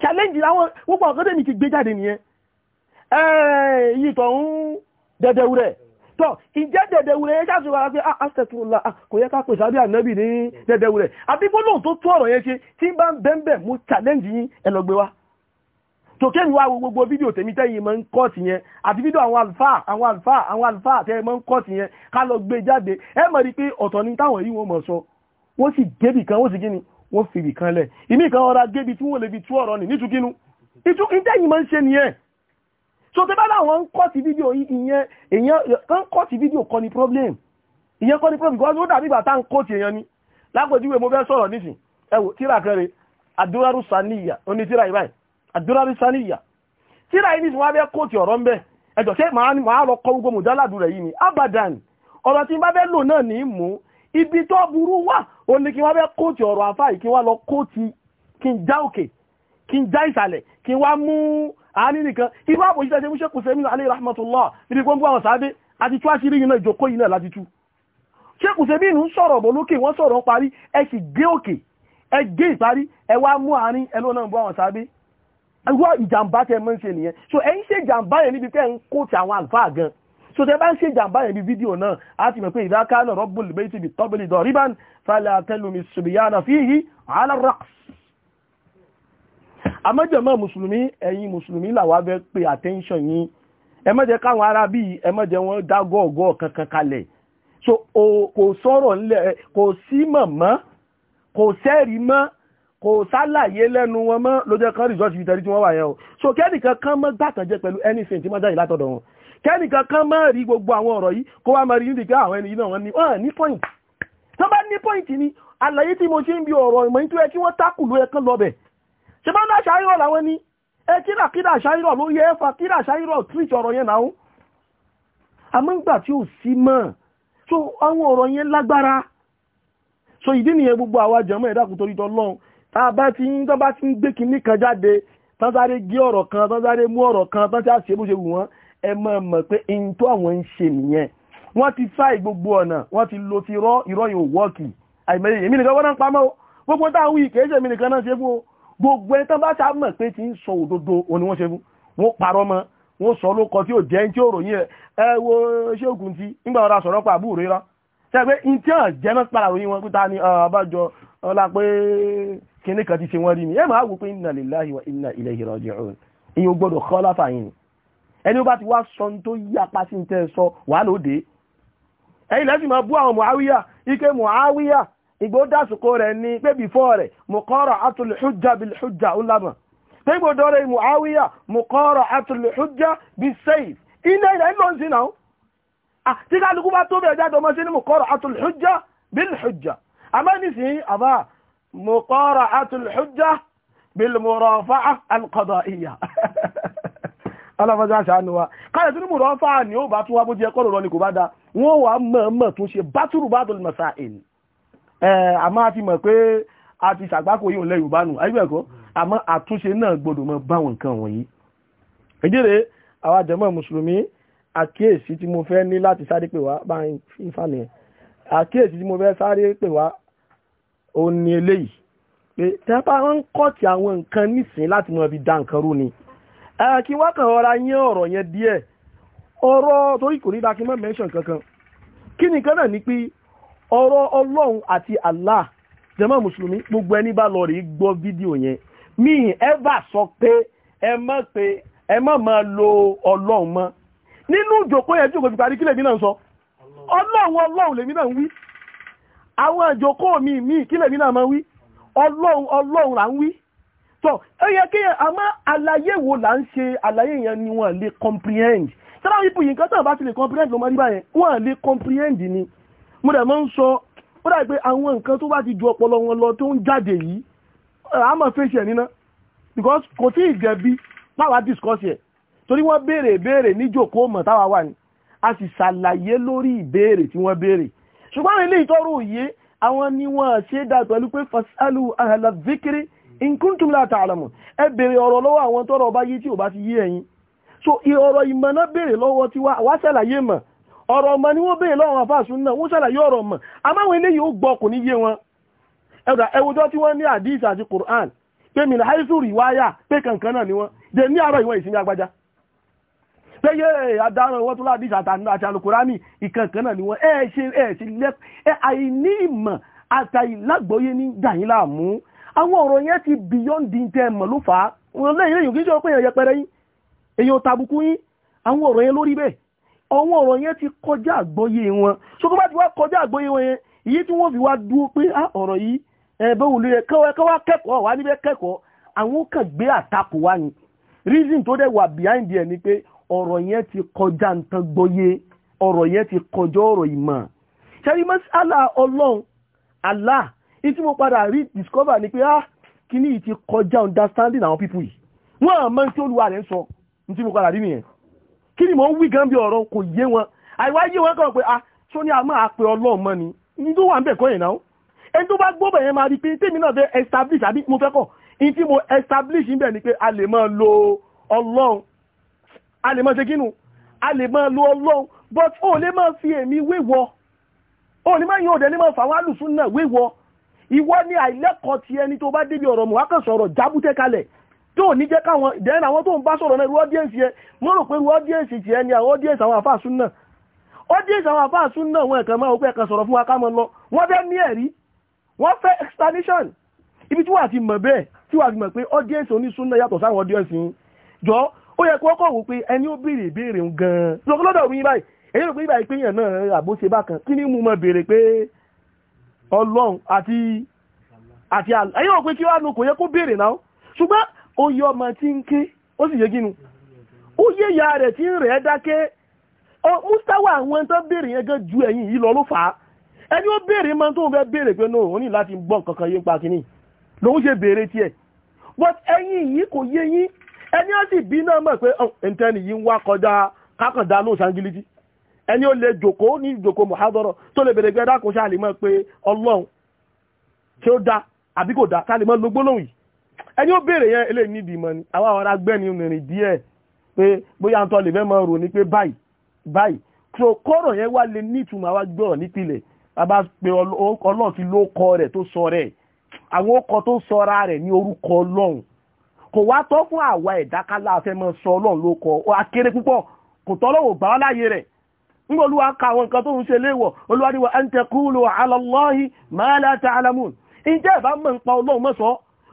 [SPEAKER 2] challenge àwọn púpọ̀ ọ̀gọ́dẹ̀ mi ti gbé jáde nìyẹn yìí tọ̀ ń dẹ̀dẹ̀wù rẹ̀ tọ́ ìjẹ́ dẹ̀dẹ̀wù rẹ̀ yẹn ṣáàṣù wà pé astagfirullah kò yẹ ká pè sábẹ́ ànábì ní dẹ̀dẹ̀wù rẹ̀ àbíkó lóòótọ́ tó ọ̀rọ̀ yẹn ṣe tí bá ń bẹ́ẹ̀ mú challenge yín ẹ lọ gbé wá tòkè ìwà gbogbo fídíò tèmi tẹ́yìn mọ́ ń kọ́ sí yẹn àti fídíò àwọn àlùfáà àwọn àlùfáà àwọn àlùfáà tẹ́ mọ́ ń kọ́ sí yẹn ká lọ gbé jáde ẹ mọ̀ rí pé ọ̀tọ̀ ni táwọn yìí wọ́n mọ̀ sọ wọ́n sì débì kan wọ́n sì kí ni wọ́n fìbì kan lẹ̀ ìmí kan ọ̀rá gébi tí wọ́n lè fi tú ọ̀rọ̀ nì nítukínú ìtẹ́yìn mọ́ ń ṣe nìyẹn so tẹ́ bá láwọn ń kọ́ ti fídíò ìyẹn èyàn problem ìyẹn kọ́ problem gọ́ọ̀sì ó dàbí ìgbà tá ń kó ti èyàn ni lápòjúwe mo fẹ́ sọ̀rọ̀ nísìn ẹwò tíra kẹrin adúrárùsà níyà oní àdúrà saniya tíra yìí nísìnyí wọ́n fẹ́ kóòtù ọ̀rọ̀ ń bẹ̀ ẹ̀jọ̀ ṣé màá lọ kọ́ gbogbo rẹ̀ yìí ni abadan ọ̀rọ̀ tí n bá fẹ́ lò náà ní mú ibi tó burú wà ó ní kí wọ́n fẹ́ kóòtù ọ̀rọ̀ àfáà yìí kí wọ́n lọ kóòtù kí n já òkè kí n já ìsàlẹ̀ kí wọ́n mú àánì nìkan irú àpòṣìṣẹ́ ṣe múṣẹ́ kù sẹ́mi alẹ́ rahmatullah ibi gbogbo àwọn sáábé àti tú àṣírí yìí náà ìjókòó yìí náà láti tú ṣé kù sẹ́mi ń sọ̀rọ̀ bọ̀ lókè wọ́n sọ̀rọ̀ ń parí ìwọ ìjàmbá tẹ mọ́ ń ṣe nìyẹn so ẹ̀yin ṣe ìjàmbá yẹn níbi tẹ́ ń kó ti àwọn àlùfáà gan so tẹ bá ń ṣe ìjàmbá yẹn bí fídíò náà á ti mọ̀ pé ìdáká náà rọ́bù lè bẹ́ẹ̀ síbi tọ́bìlì dọ̀ ríban falẹ̀ àtẹlùmí ṣùgbìyànà fíhì alárọ́x àmọ́jọ̀mọ́ mùsùlùmí ẹ̀yin mùsùlùmí làwa fẹ́ pe attention yín ẹ má jẹ́ káwọn ará bíi ẹ má jẹ́ wọn dá gọ́ọ̀gọ́ kankan kalẹ̀ so kò sọ̀rọ̀ ńlẹ̀ kò sí mọ̀ mọ́ kò sẹ́rìí mọ́ kò sálàyé lẹ́nu wọn mọ́ ló jẹ́ kan resort ibi tẹ̀rí tí wọ́n wà yẹn o so kẹ́nìkan kan mọ́ gbàtànjẹ́ pẹ̀lú anything tí wọ́n jáde látọ̀dọ̀ wọn kẹ́nìkan kan mọ́ rí gbogbo àwọn ọ̀rọ̀ yìí kó wá mọ́ rí nídìí kí àwọn ẹni yìí náà wọ́n ní wọ́n ní point tó bá point ni àlàyé tí mo ṣe ń bi ọ̀rọ̀ ìmọ̀ yìí tó yẹ kí wọ́n tákùlù ẹ kan lọ́bẹ̀ ṣe bá ń dá ṣáírọ̀ làwọn ni ẹ kíra kíra ṣáírọ̀ so àwọn ọ̀rọ̀ yẹn so ìdí nìyẹn gbogbo àwa jẹ̀mọ́ ẹ̀dá kò bá ti ń tán bá ti ń gbé kinní kan jáde tán sáré gé ọ̀rọ̀ kan tán sáré mú ọ̀rọ̀ kan tán tí a ṣe bó ṣe wù wọ́n ẹ mọ̀ mọ̀ pé ẹni tó àwọn ń ṣe nìyẹn wọ́n ti fáì gbogbo ọ̀nà wọ́n ti lo ti rọ́ ìrọ́ yìí ò wọ́ọ̀kì àìmọye èmi nìkan wọ́n pamọ́ o gbogbo táwọn wí kìí ṣe èmi nìkan náà ṣe fún o gbogbo ẹni tán bá ṣá mọ̀ pé ti ń sọ òdodo òun wọ́n ṣe fún wọn parọ́ mọ́ wọn sọ lóko tí ò jẹ́ tí ò ròyìn ẹ wo ṣé ti nígbà wọn sọ̀rọ̀ pa àbúrò rírọ́ ṣe pé ní tí wọn jẹ́ wọn pé ta ni àbájọ ah, ọlá pé kíní kan ti ṣe wọ́n rí mi ẹ máa wò pé inna lillahi wa inna ilayhi raji'un èyí ò gbọ́dọ̀ kọ́ láfà yìí ni ẹni ó bá ti wá sọ tó yapa sí tẹ́ sọ wà lóde ẹ̀yìn lẹ́sìn máa bú àwọn Muawiya ike Muawiya ìgbó dásùkò rẹ̀ ní pé bìfọ́ rẹ̀ muqara'atul hujja bil ó lámà muqara'atul hujja bil murafa'a al qada'iyya aláfájá ṣàánú wa káyẹ̀ tí ní murafa'a ni ó bá tún wá bó jẹ́ kọ́rọ̀ rọ ni kò bá da wọ́n wà mọ̀ọ́mọ̀ tún ṣe bátúrù bádùn masail àmọ́ a ti mọ̀ pé a ti ṣàgbákò yìí lẹ́yìn ìbánu ayébẹ̀kọ́ àmọ́ àtúnṣe náà gbọdọ̀ mọ́ báwọn nǹkan wọ̀nyí ìdíre àwọn àjẹmọ́ mùsùlùmí àkíyèsí tí mo fẹ́ ní láti sáré pè wá bá ń fi ìfàlẹ̀ àkíyèsí tí mo fẹ́ sáré pè wá òun ni eléyìí pé tẹ́bá ń kọ́tì àwọn nǹkan nísìn láti mọ̀ ibi dá nǹkan rú ni kí wá kàn yẹn ọ̀rọ̀ yẹn díẹ̀ ọ̀rọ̀ torí kò kí kankan kí nìkan náà ni pé ọ̀rọ̀ ọlọ́run àti Allah jẹ́mọ́ mùsùlùmí gbogbo ẹni bá lọ gbọ́ mi ẹ sọ pé ẹ pé ẹ lo ọlọ́run mọ́ nínú ìjòkó yẹn parí kí lèmi náà sọ ọlọ́run ọlọ́run lèmi náà àwọn ìjókòó mi mi kílẹ̀ mi náà máa wí ọlọ́run ọlọ́run là ń wí tọ́ ó yẹ kí àmọ́ àlàyé wo là ń ṣe àlàyé yẹn ni wọ́n lè comprehend tọ́lá ipò yìí nǹkan tó bá ti lè comprehend ló máa rí báyẹn wọ́n lè comprehend ni mo dẹ̀ máa ń sọ ó dà pé àwọn nǹkan tó bá ti ju ọpọlọ wọn lọ tó ń jáde yìí àmọ́ fèsì ẹ̀ níná because kò tí ì gẹ̀bi báwa discuss yẹ torí wọ́n béèrè béèrè níjókòó mọ̀ táwa wà ní a sì ṣàlàyé lórí ìbéèrè tí wọ́n béèrè ṣùgbọ́n ilé ìtọ́rù yìí àwọn ni a ṣe dá pẹ̀lú pé fasalu ahla zikri in kuntum la ta'lamun ẹ bèèrè ọ̀rọ̀ lọ́wọ́ àwọn bá tí ò bá ti so ọ̀rọ̀ ìmọ̀ náà bèèrè lọ́wọ́ tí wá ṣàlàyé mọ̀ ọ̀rọ̀ ọmọ ni wọ́n bèèrè lọ́wọ́ àfáàsù náà wọ́n ṣàlàyé ọ̀rọ̀ mọ̀ àmáwọn eléyìí ó gbọ́ kò ní yé wọn ẹ̀dà ẹwùjọ́ tí wọ́n ní hadith àti Qur'an pé mìíràn haisu riwaya pé kankan náà ni wọ́n dẹ̀ ní pé yé adarun wọn tó láàbí ìṣàtànú àti alukurani ìkankan náà ni wọn ẹ ṣe ẹ ṣe lẹ ẹ àìní ìmọ̀ àtàìlágbóyé ní dàyín láàmú àwọn ọ̀rọ̀ yẹn ti beyond the term ló fà á wọn lẹ́yìn èyàn kì í ṣe pé èyàn yẹpẹrẹ yín èyàn tàbùkù yín àwọn ọ̀rọ̀ yẹn lórí bẹ́ẹ̀ àwọn ọ̀rọ̀ yẹn ti kọjá àgbọ́yé wọn so tó bá ti wá kọjá àgbọ́yé wọn yẹn èyí tí wọ́n fi wá dúró pé á ọ̀rọ̀ yìí ẹ̀bẹ̀ wò ló yẹ kẹwàá kẹ́kọ̀ọ́ wà níbẹ̀ kẹ́kọ̀ọ́ àwọn kàn gbé àtakò wá ni reason tó dẹ̀ wà behind ẹ̀ ni pé ọ̀rọ̀ yẹn ti kọjá nǹkan gbọ́yé ọ̀rọ̀ yẹn ti kọjá ọ̀rọ̀ ìmọ̀ ṣẹ́rí mọ́sálà ọlọ́run Allah ìtí mo padà rí discover ni pé ah kíní yìí ti kọjá understanding àwọn people yìí wọ́n àmọ́ tí olúwa rẹ̀ ń sọ ní tí mo padà rí nìyẹn kí ni mò ń wí gan bí ọ̀rọ̀ kò yé wọn àìwá yé wọn kàn pé ah tó ní a máa pe ọlọ́run mọ́ ni ní tó wà ń bẹ̀ kọ́ yẹn náà ẹni tó bá gbọ́bẹ̀ yẹn máa rí pé tèmi náà fẹ́ establish àbí mo fẹ́ kọ̀ ní tí mo establish ń bẹ̀ ni pé a lè máa lo ọlọ́run a lè máa ṣe kínú a lè máa lo ọlọ́run but ó lè máa fi èmi wéwọ ó lè máa yàn ọ̀dẹ̀ lè máa fà wọ́n alùsùn náà wéwọ ìwọ ni àìlẹ́kọ̀ọ́ ti ẹni tó bá débi ọ̀rọ̀ mùwákàn sọ̀rọ̀ jábútẹ́ kalẹ̀ tí ò ní jẹ́ káwọn ni àwọn ọ́díẹ̀nsì àwọn àfáà sún náà ọ́díẹ̀nsì àwọn àfáà sún náà wọn ẹ̀kan máa wọ́pẹ́ ẹ̀kan sọ̀rọ̀ fún wa ká mọ́ lọ ibi tí wà á ti mọ̀ bẹ́ẹ̀ tí wà á ti mọ̀ jọ ó yẹ kó kọ̀ wò pé ẹni ó béèrè ìbéèrè ń gan-an lọ́kọ́ lọ́dọ̀ mi báyìí èyí rò pé ìbáyìí pé èèyàn náà àbóṣe bákan kí ni mo mọ béèrè pé ọlọ́run àti àti àlọ́ ẹ̀yìn rò pé kí wàá nu kò yẹ kó béèrè náà ṣùgbọ́n ó yẹ ọmọ tí ń ké ó sì yẹ gínu ó yẹ ìyá rẹ̀ tí ń rẹ̀ dákẹ́ mustawa àwọn tó béèrè yẹn gan ju ẹ̀yìn yìí lọ ló fà á ẹni ó béèrè máa tó ń fẹ́ béèrè pé náà òun ní láti gbọ́ nǹkan kan yé ń pa kínní lòun ṣe béèrè tiẹ̀ but ẹ̀yìn yìí kò yé yín ẹni ó sì bí náà mọ̀ pé ǹtẹ́ni oh, yìí ń wá kọjá kákàndá ló sangiliti ẹni ó lè jòkó ní ìjòkó mọ̀hádọ́rọ̀ tó lè bèrè gbẹ́dá kò sáà lè mọ̀ pé ọlọ́run tí ó dá àbí kò dá sáà lè mọ̀ lógbólóhùn yìí ẹni ó bèrè yẹn eléyìí níbi ìmọ̀ ni àwa ọ̀rá rìnrìn díẹ̀ pé bóyá ń tọ́ lè mọ̀ rò ní pé báyìí báyìí so àwọn tó sọra rẹ̀ ní kò wá tọ́ fún àwa ẹ̀dákálá afẹ́mọ́ sọ ọlọ́run ló kọ akéré púpọ̀ kò tọ́lọ́wọ̀ gbà ọ́ láyé rẹ̀ nígbà olúwa ka àwọn tó ń ṣe léèwọ̀ olúwa ní wa an ala Allahi ma ta' ìjẹ́ ìbá mọ̀ ọlọ́run sọ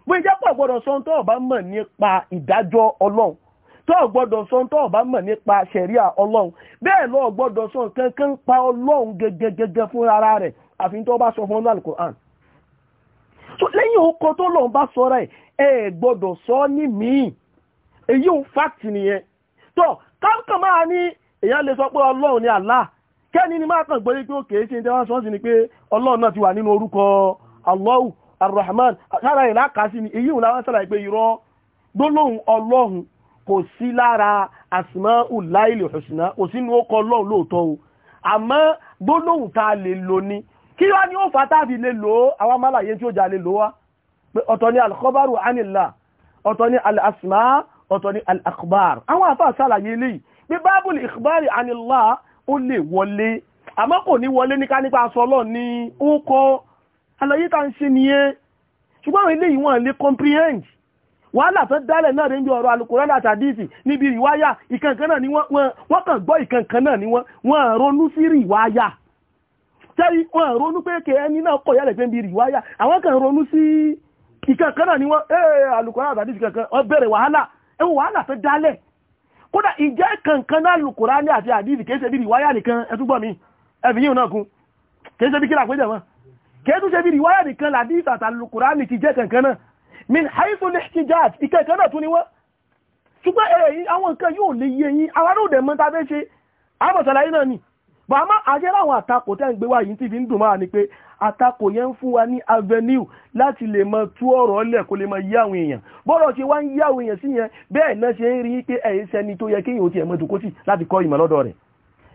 [SPEAKER 2] bó ìjẹ́ pọ̀ gbọ́dọ̀ sọ tó ọba mọ̀ nípa ìdájọ́ ọlọ́run tó sọ tó ọba mọ̀ so lẹ́yìn oko tó lọ́n bá sọ́ra ẹ̀ ẹ gbọ́dọ̀ sọ ní míì èyí ò fáàtì nìyẹn tó káńkà máa ní èyàn lè sọ pé ọlọ́run ni Allah kẹ́ni ni máa kàn gbọ́ pé ṣe ń tẹ́wọ́n sọ́ọ́sì ni pé ọlọ́run náà ti wà nínú orúkọ Allahu ar sára ìlà kàásì ni èyí ò láwọn sára ìpè irọ́ gbólóhùn ọlọ́run kò sí lára kò sínú ó kọ ọlọ́run o àmọ́ gbólóhùn lè kí wá ní ó fà táàfi lè lò ó àwọn málàyé tí ó jà lè lò wá ọ̀tọ̀ ni alkhobaru anillah ọ̀tọ̀ ni al'asma ọ̀tọ̀ ni al'akhbar àwọn àfà sàlàyé lè pé bábùl ìkhbari anillah ó lè wọlé àmọ́ kò ní wọlé ní ká nípa sọlọ́ ní ó kọ́ àlàyé tá ń ṣe nìyẹn ṣùgbọ́n ilé ìwọ̀n lè comprehend wàhálà tó dálẹ̀ náà rẹ̀ ń bí ọ̀rọ̀ alukùrán àti àdìsí níbi ìwáyà ìkankan ni wọ́n kàn gbọ́ ìkankan ni wọ́n ronú sí rí ìwáyà tẹ́rí wọn ronú pé kẹ ẹni náà kọ̀ yálẹ̀ pé ń bi rìwáyà àwọn kan ronú sí ìkankan náà ni wọ́n ee alukora àtàdé kankan wọ́n bẹ̀rẹ̀ wàhálà ẹwọ wàhálà fẹ́ dálẹ̀ kódà ìjẹ́ kankan náà alukora ní àti àdìsí kìí ṣe bí rìwáyà nìkan ẹtúgbọ́ mi ẹbí yìí náà kún kìí ṣe bí kíra min haifu lihtijaj ìkẹ́kẹ́ náà tún ni wọ́n ṣùgbọ́n ẹ̀yìn àwọn nǹkan yóò lè yé yín àwọn náà dẹ̀ fàámà àṣẹ láwọn àtakò tẹ́ ń gbé wá yìí tí fi ń dùn máa ni pé àtakò yẹn ń fún wa ní avenue láti lè mọ tú ọ̀rọ̀ lẹ̀ kó lè mọ yí àwọn èèyàn bọ́rọ̀ ṣe wá ń yí àwọn èèyàn sí yẹn bẹ́ẹ̀ náà ṣe ń rí pé ẹ̀yìn sẹni tó yẹ kéèyàn ó ti ẹ̀mọ́ ìdókòtì láti kọ́ ìmọ̀ lọ́dọ̀ rẹ̀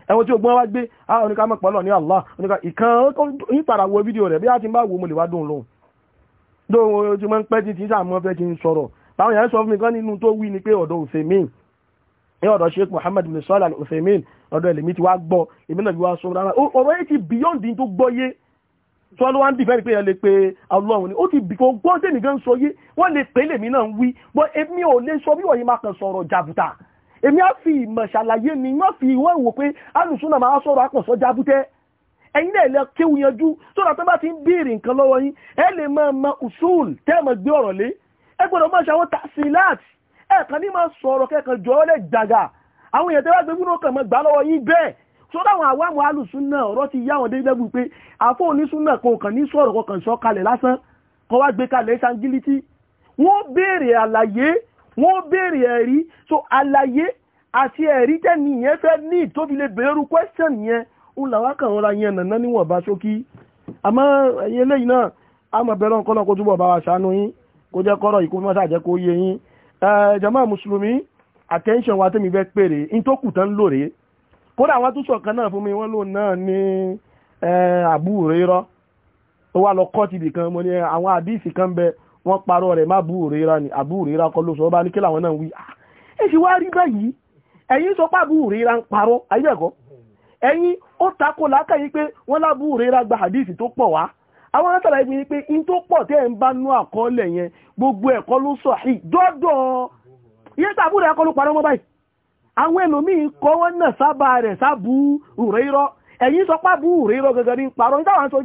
[SPEAKER 2] ẹ̀wọ̀n tí ogbọ́n wá gbé àwọn oníkà ní Allah oníkà ìkan yí padà wo fídíò rẹ̀ bí a ti máa wo mo lè wá dùn lóhun dóhun ojú mọ́ ń pẹ́ ti ti ní ọ̀dọ̀ sheikh muhammad bin sọ́lá al-uthaymin ọ̀dọ̀ ẹlẹ́mí ti wá gbọ́ èmi náà bí wá sọ́rọ̀ rárá ọ̀rọ̀ yìí ti beyond in tó gbọ́yé tí wọ́n ló wá ń dìbẹ́ pé ẹ lè pe ọlọ́run ni ó ti bìkọ́ gbọ́ sí nìkan sọ yé wọ́n lè pè lèmi náà ń wí bọ́ èmi ò lè sọ bí wọ̀nyí máa kàn sọ̀rọ̀ jàbùtà èmi á fi ìmọ̀ ṣàlàyé ni wọ́n fi ìwọ́ ìwò pé alùsùn náà máa sọ̀rọ̀ akọ̀sọ̀ jàbùtẹ́ ẹ̀yin náà lè kéwu yanjú sọ̀rọ̀ tó bá ti ń béèrè nǹkan lọ́wọ́ yín ẹ lè máa ma usul tẹ́ ẹ máa gbé ọ̀rọ̀ lé ẹ gbọ́dọ̀ máa ṣàwọn tàṣíláàtì ẹ̀ẹ̀kan ní máa sọ̀rọ̀ kẹ́ẹ̀kan jọ ọ́ lẹ̀ jàgà àwọn èèyàn tẹ́wàá gbẹ́gbẹ́ náà kàn mọ́ gbà lọ́wọ́ yìí bẹ́ẹ̀ tó dáwọn àwámọ̀ alùsúnà ọ̀rọ̀ ti yá wọn dédé pé àfọ́ onísúnà kan kàn ní sọ̀rọ̀ kọkàn sọ kalẹ̀ lásán so àlàyé àti ẹ̀rí tẹ́ni yẹn fẹ́ ní ìtóbi lè bẹ̀rù question yẹn ń làwá kàn rọra yẹn nàná níwọ̀n bá ṣókí àmọ́ ẹ̀yẹ lẹ́yìn náà àmọ̀ bẹ̀rẹ̀ ọ̀kọ́nà kó túbọ̀ bá wa ṣàánú yín kó jẹ́ kọ́rọ̀ ìkó jẹ́ kó yé yín Eh, jama musulumi attention wa tẹ́mi fẹ́ pèrè in tó kù tán lóore kódà àwọn tó sọ̀kan náà fún mi wọ́n lò náà ní àbúrò irọ́ ó wá lọ kọ́ ti bì kan mo ní eh, àwọn àdíìsì kan bẹ wọ́n parọ́ rẹ̀ má búrò irọ́ ni àbúrò irọ́ kọ́ ló sọ bá ní kí làwọn náà wí ẹ sì wá rí báyìí ẹ̀yin sọ pé àbúrò irọ́ ń parọ́ ayé ẹ̀kọ́ ẹ̀yin ó takò lákàyí pé wọ́n lábúrò irọ́ gba àdíìsì tó pọ̀ wá àwọn alátàlá ibi ni pé in tó pọ̀ tẹ́ ń bá nú gbogbo ẹ̀kọ́ ló sọ àì dọ́dọ̀ yẹ́ tàbúrò ẹ̀kọ́ parọ́ mọ́ báyìí àwọn ẹlòmíín kọ́ wọ́n náà sábà rẹ̀ sábú rírọ́ ẹ̀yìn sọ pá bú rírọ́ gẹ́gẹ́ ní parọ́ ní sọ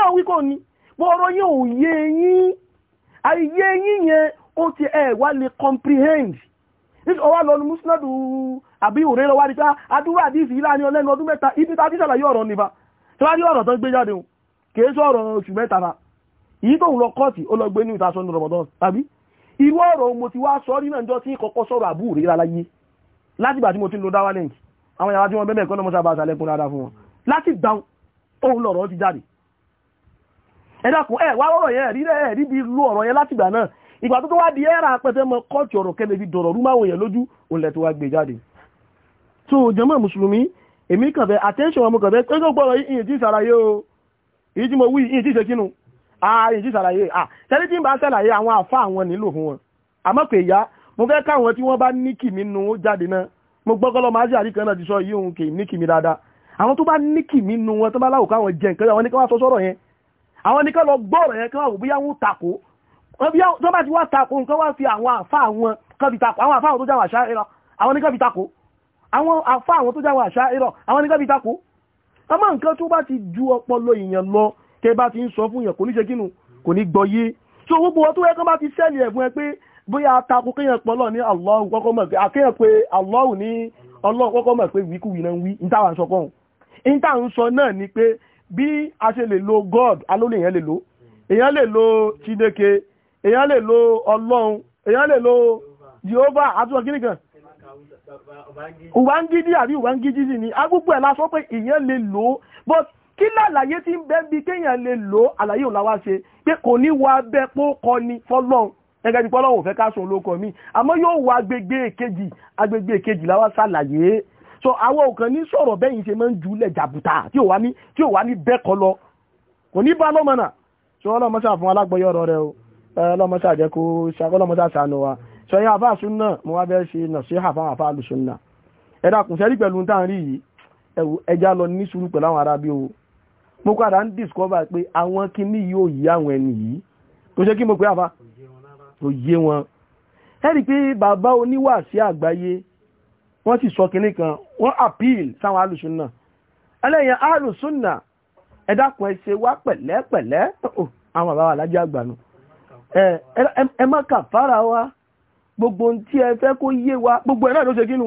[SPEAKER 2] e. pọ̀rọ̀ yóò yín yẹn ó ti ẹ̀ àbí òrèrè wá ní pé adúrú ah, àdífì ìlànà ọlẹ́nu ọdún mẹ́ta ibi ta bí sàlàyé ọ̀rọ̀ nípa tí wá rí ọ̀rọ̀ tó gbé jáde kìí sọ ọ̀rọ̀ oṣù mẹ́ta ra èyí tóun lọ kọ́ọ̀tì ó lọ gbé ní ìtasọ́ ti wá sọ rí náà jọ tí kọ́kọ́ sọ̀rọ̀ àbú òrèrè láyé láti ìgbà tí mo ti ń lo dáwà lẹ́yìn àwọn yàrá tí wọ́n bẹ́bẹ̀ kọ́nà mọ́sá bá sàlẹ̀kùn dáadáa fún wọn láti lo ọ̀rọ̀ yẹn láti ìgbà náà ìgbà tó tó wá di ẹ́ra apẹ́tẹ́ mọ́ kọ́ọ̀tù ọ̀rọ̀ kẹ́lẹ́ fi dọ̀rọ̀ rúmáwò yẹn lójú òun lẹ̀ gbé jáde so jàmáà mùsùlùmí èmi kàn fẹ́ attention ọmọ kàn fẹ́ pé tó gbọ́rọ̀ yìí tí ìsàlàyé o èyí tí mo wí yìí tí ìṣe kínú ààyè tí ìsàlàyé à tẹ́lẹ̀ tí ń bá sàlàyé àwọn àfá àwọn nílò fún wọn àmọ́ pé ìyá mo fẹ́ káwọn tí wọ́n bá ní kìmí nu ó jáde náà mo gbọ́gọ́lọ́ máa ṣe àríkan náà ti sọ yìí òun kì í ní kìmí dáadáa àwọn tó bá ní kìmí nu wọn tó bá láwò káwọn jẹ nǹkan àwọn nìkan wá sọ sọ́rọ̀ yẹn àwọn nìkan lọ gbọ́rọ̀ yẹn kí wọ́n wò bóyá wọn tako tó bá ti wá tako nǹkan wá fi àwọn àfá àwọn kan fi tako àwọn àfá àwọn tó jáwọ́ àṣà àwọn nìkan fi tako àwọn afá àwọn tó jáwọ́ àṣà irọ́ àwọn nígbà bí takò ọmọ nǹkan tó bá ti ju ọpọlọ èèyàn lọ tẹ bá ti ń sọ fún èèyàn kò ní ṣe kínú kò ní gbọ́yé so gbogbo wọn tó yẹ kán bá ti sẹ́ẹ̀lì ẹ̀fún ẹ pé bóyá atakò kéèyàn pọlọ ní Allahu kọ́kọ́ mọ̀ pé akéèyàn pé Allahu ní Ọlọ́run kọ́kọ́ mọ̀ ni pé bí a God alólè èèyàn lè lo èèyàn lè lo Chineke èèyàn lè lo Ubangiji àbí Ubangiji sì ni agbúgbò ẹ̀ lásán pé ìyẹn lè lò ó but kí lálàyé tí ń bẹ́ bí kéèyàn lè lò ó àlàyé òun làwa ṣe pé kò ní wá bẹ́ pó kọ ni fọlọ́n gẹ́gẹ́ bí fọlọ́n ò fẹ́ ká sùn lóko mi àmọ́ yóò wá agbègbè èkejì agbègbè èkejì làwa ṣàlàyé so àwọn òkàn ní sọ̀rọ̀ bẹ́yìn ṣe máa ń jùlẹ̀ jàbùtà tí ò wá ní tí ò wá ní bẹ́ẹ̀kọ lọ kò ní bá lọ́mọ náà ṣé ọlọ́mọ sáà fún alágbọ̀yọ̀ rẹ o ọlọ́mọ sáà jẹ́ kó ṣàkọ́lọ́mọ sáà ṣàánú wa sọyá àbá súnà mo wá bẹ́ ṣe nà sí àfá àfá alùsùnà ẹ̀dà kùn sẹ́rí pẹ̀lú tá à ń rí yìí ẹja lọ ní sùúrù pẹ̀lú àwọn arábí o mo padà ń discover pé àwọn kinní yìí ò yí àwọn ẹni yìí tó ṣe kí mo pé àfá kò yé wọn ẹ̀rí pé bàbá oníwàásí àgbáyé wọ́n sì sọ kinní kan wọ́n appeal sáwọn alùsùnà ẹlẹ́yìn alùsùnà ẹ̀dà kùn ẹ̀ ṣe wá pẹ̀lẹ́pẹ̀lẹ́ oh, àwọn àbáwà alájẹ́ àgbà nù ẹ má kà fara wa gbogbo tí ẹ fẹ́ kó yé wa gbogbo ẹ̀ náà ló ṣe kínú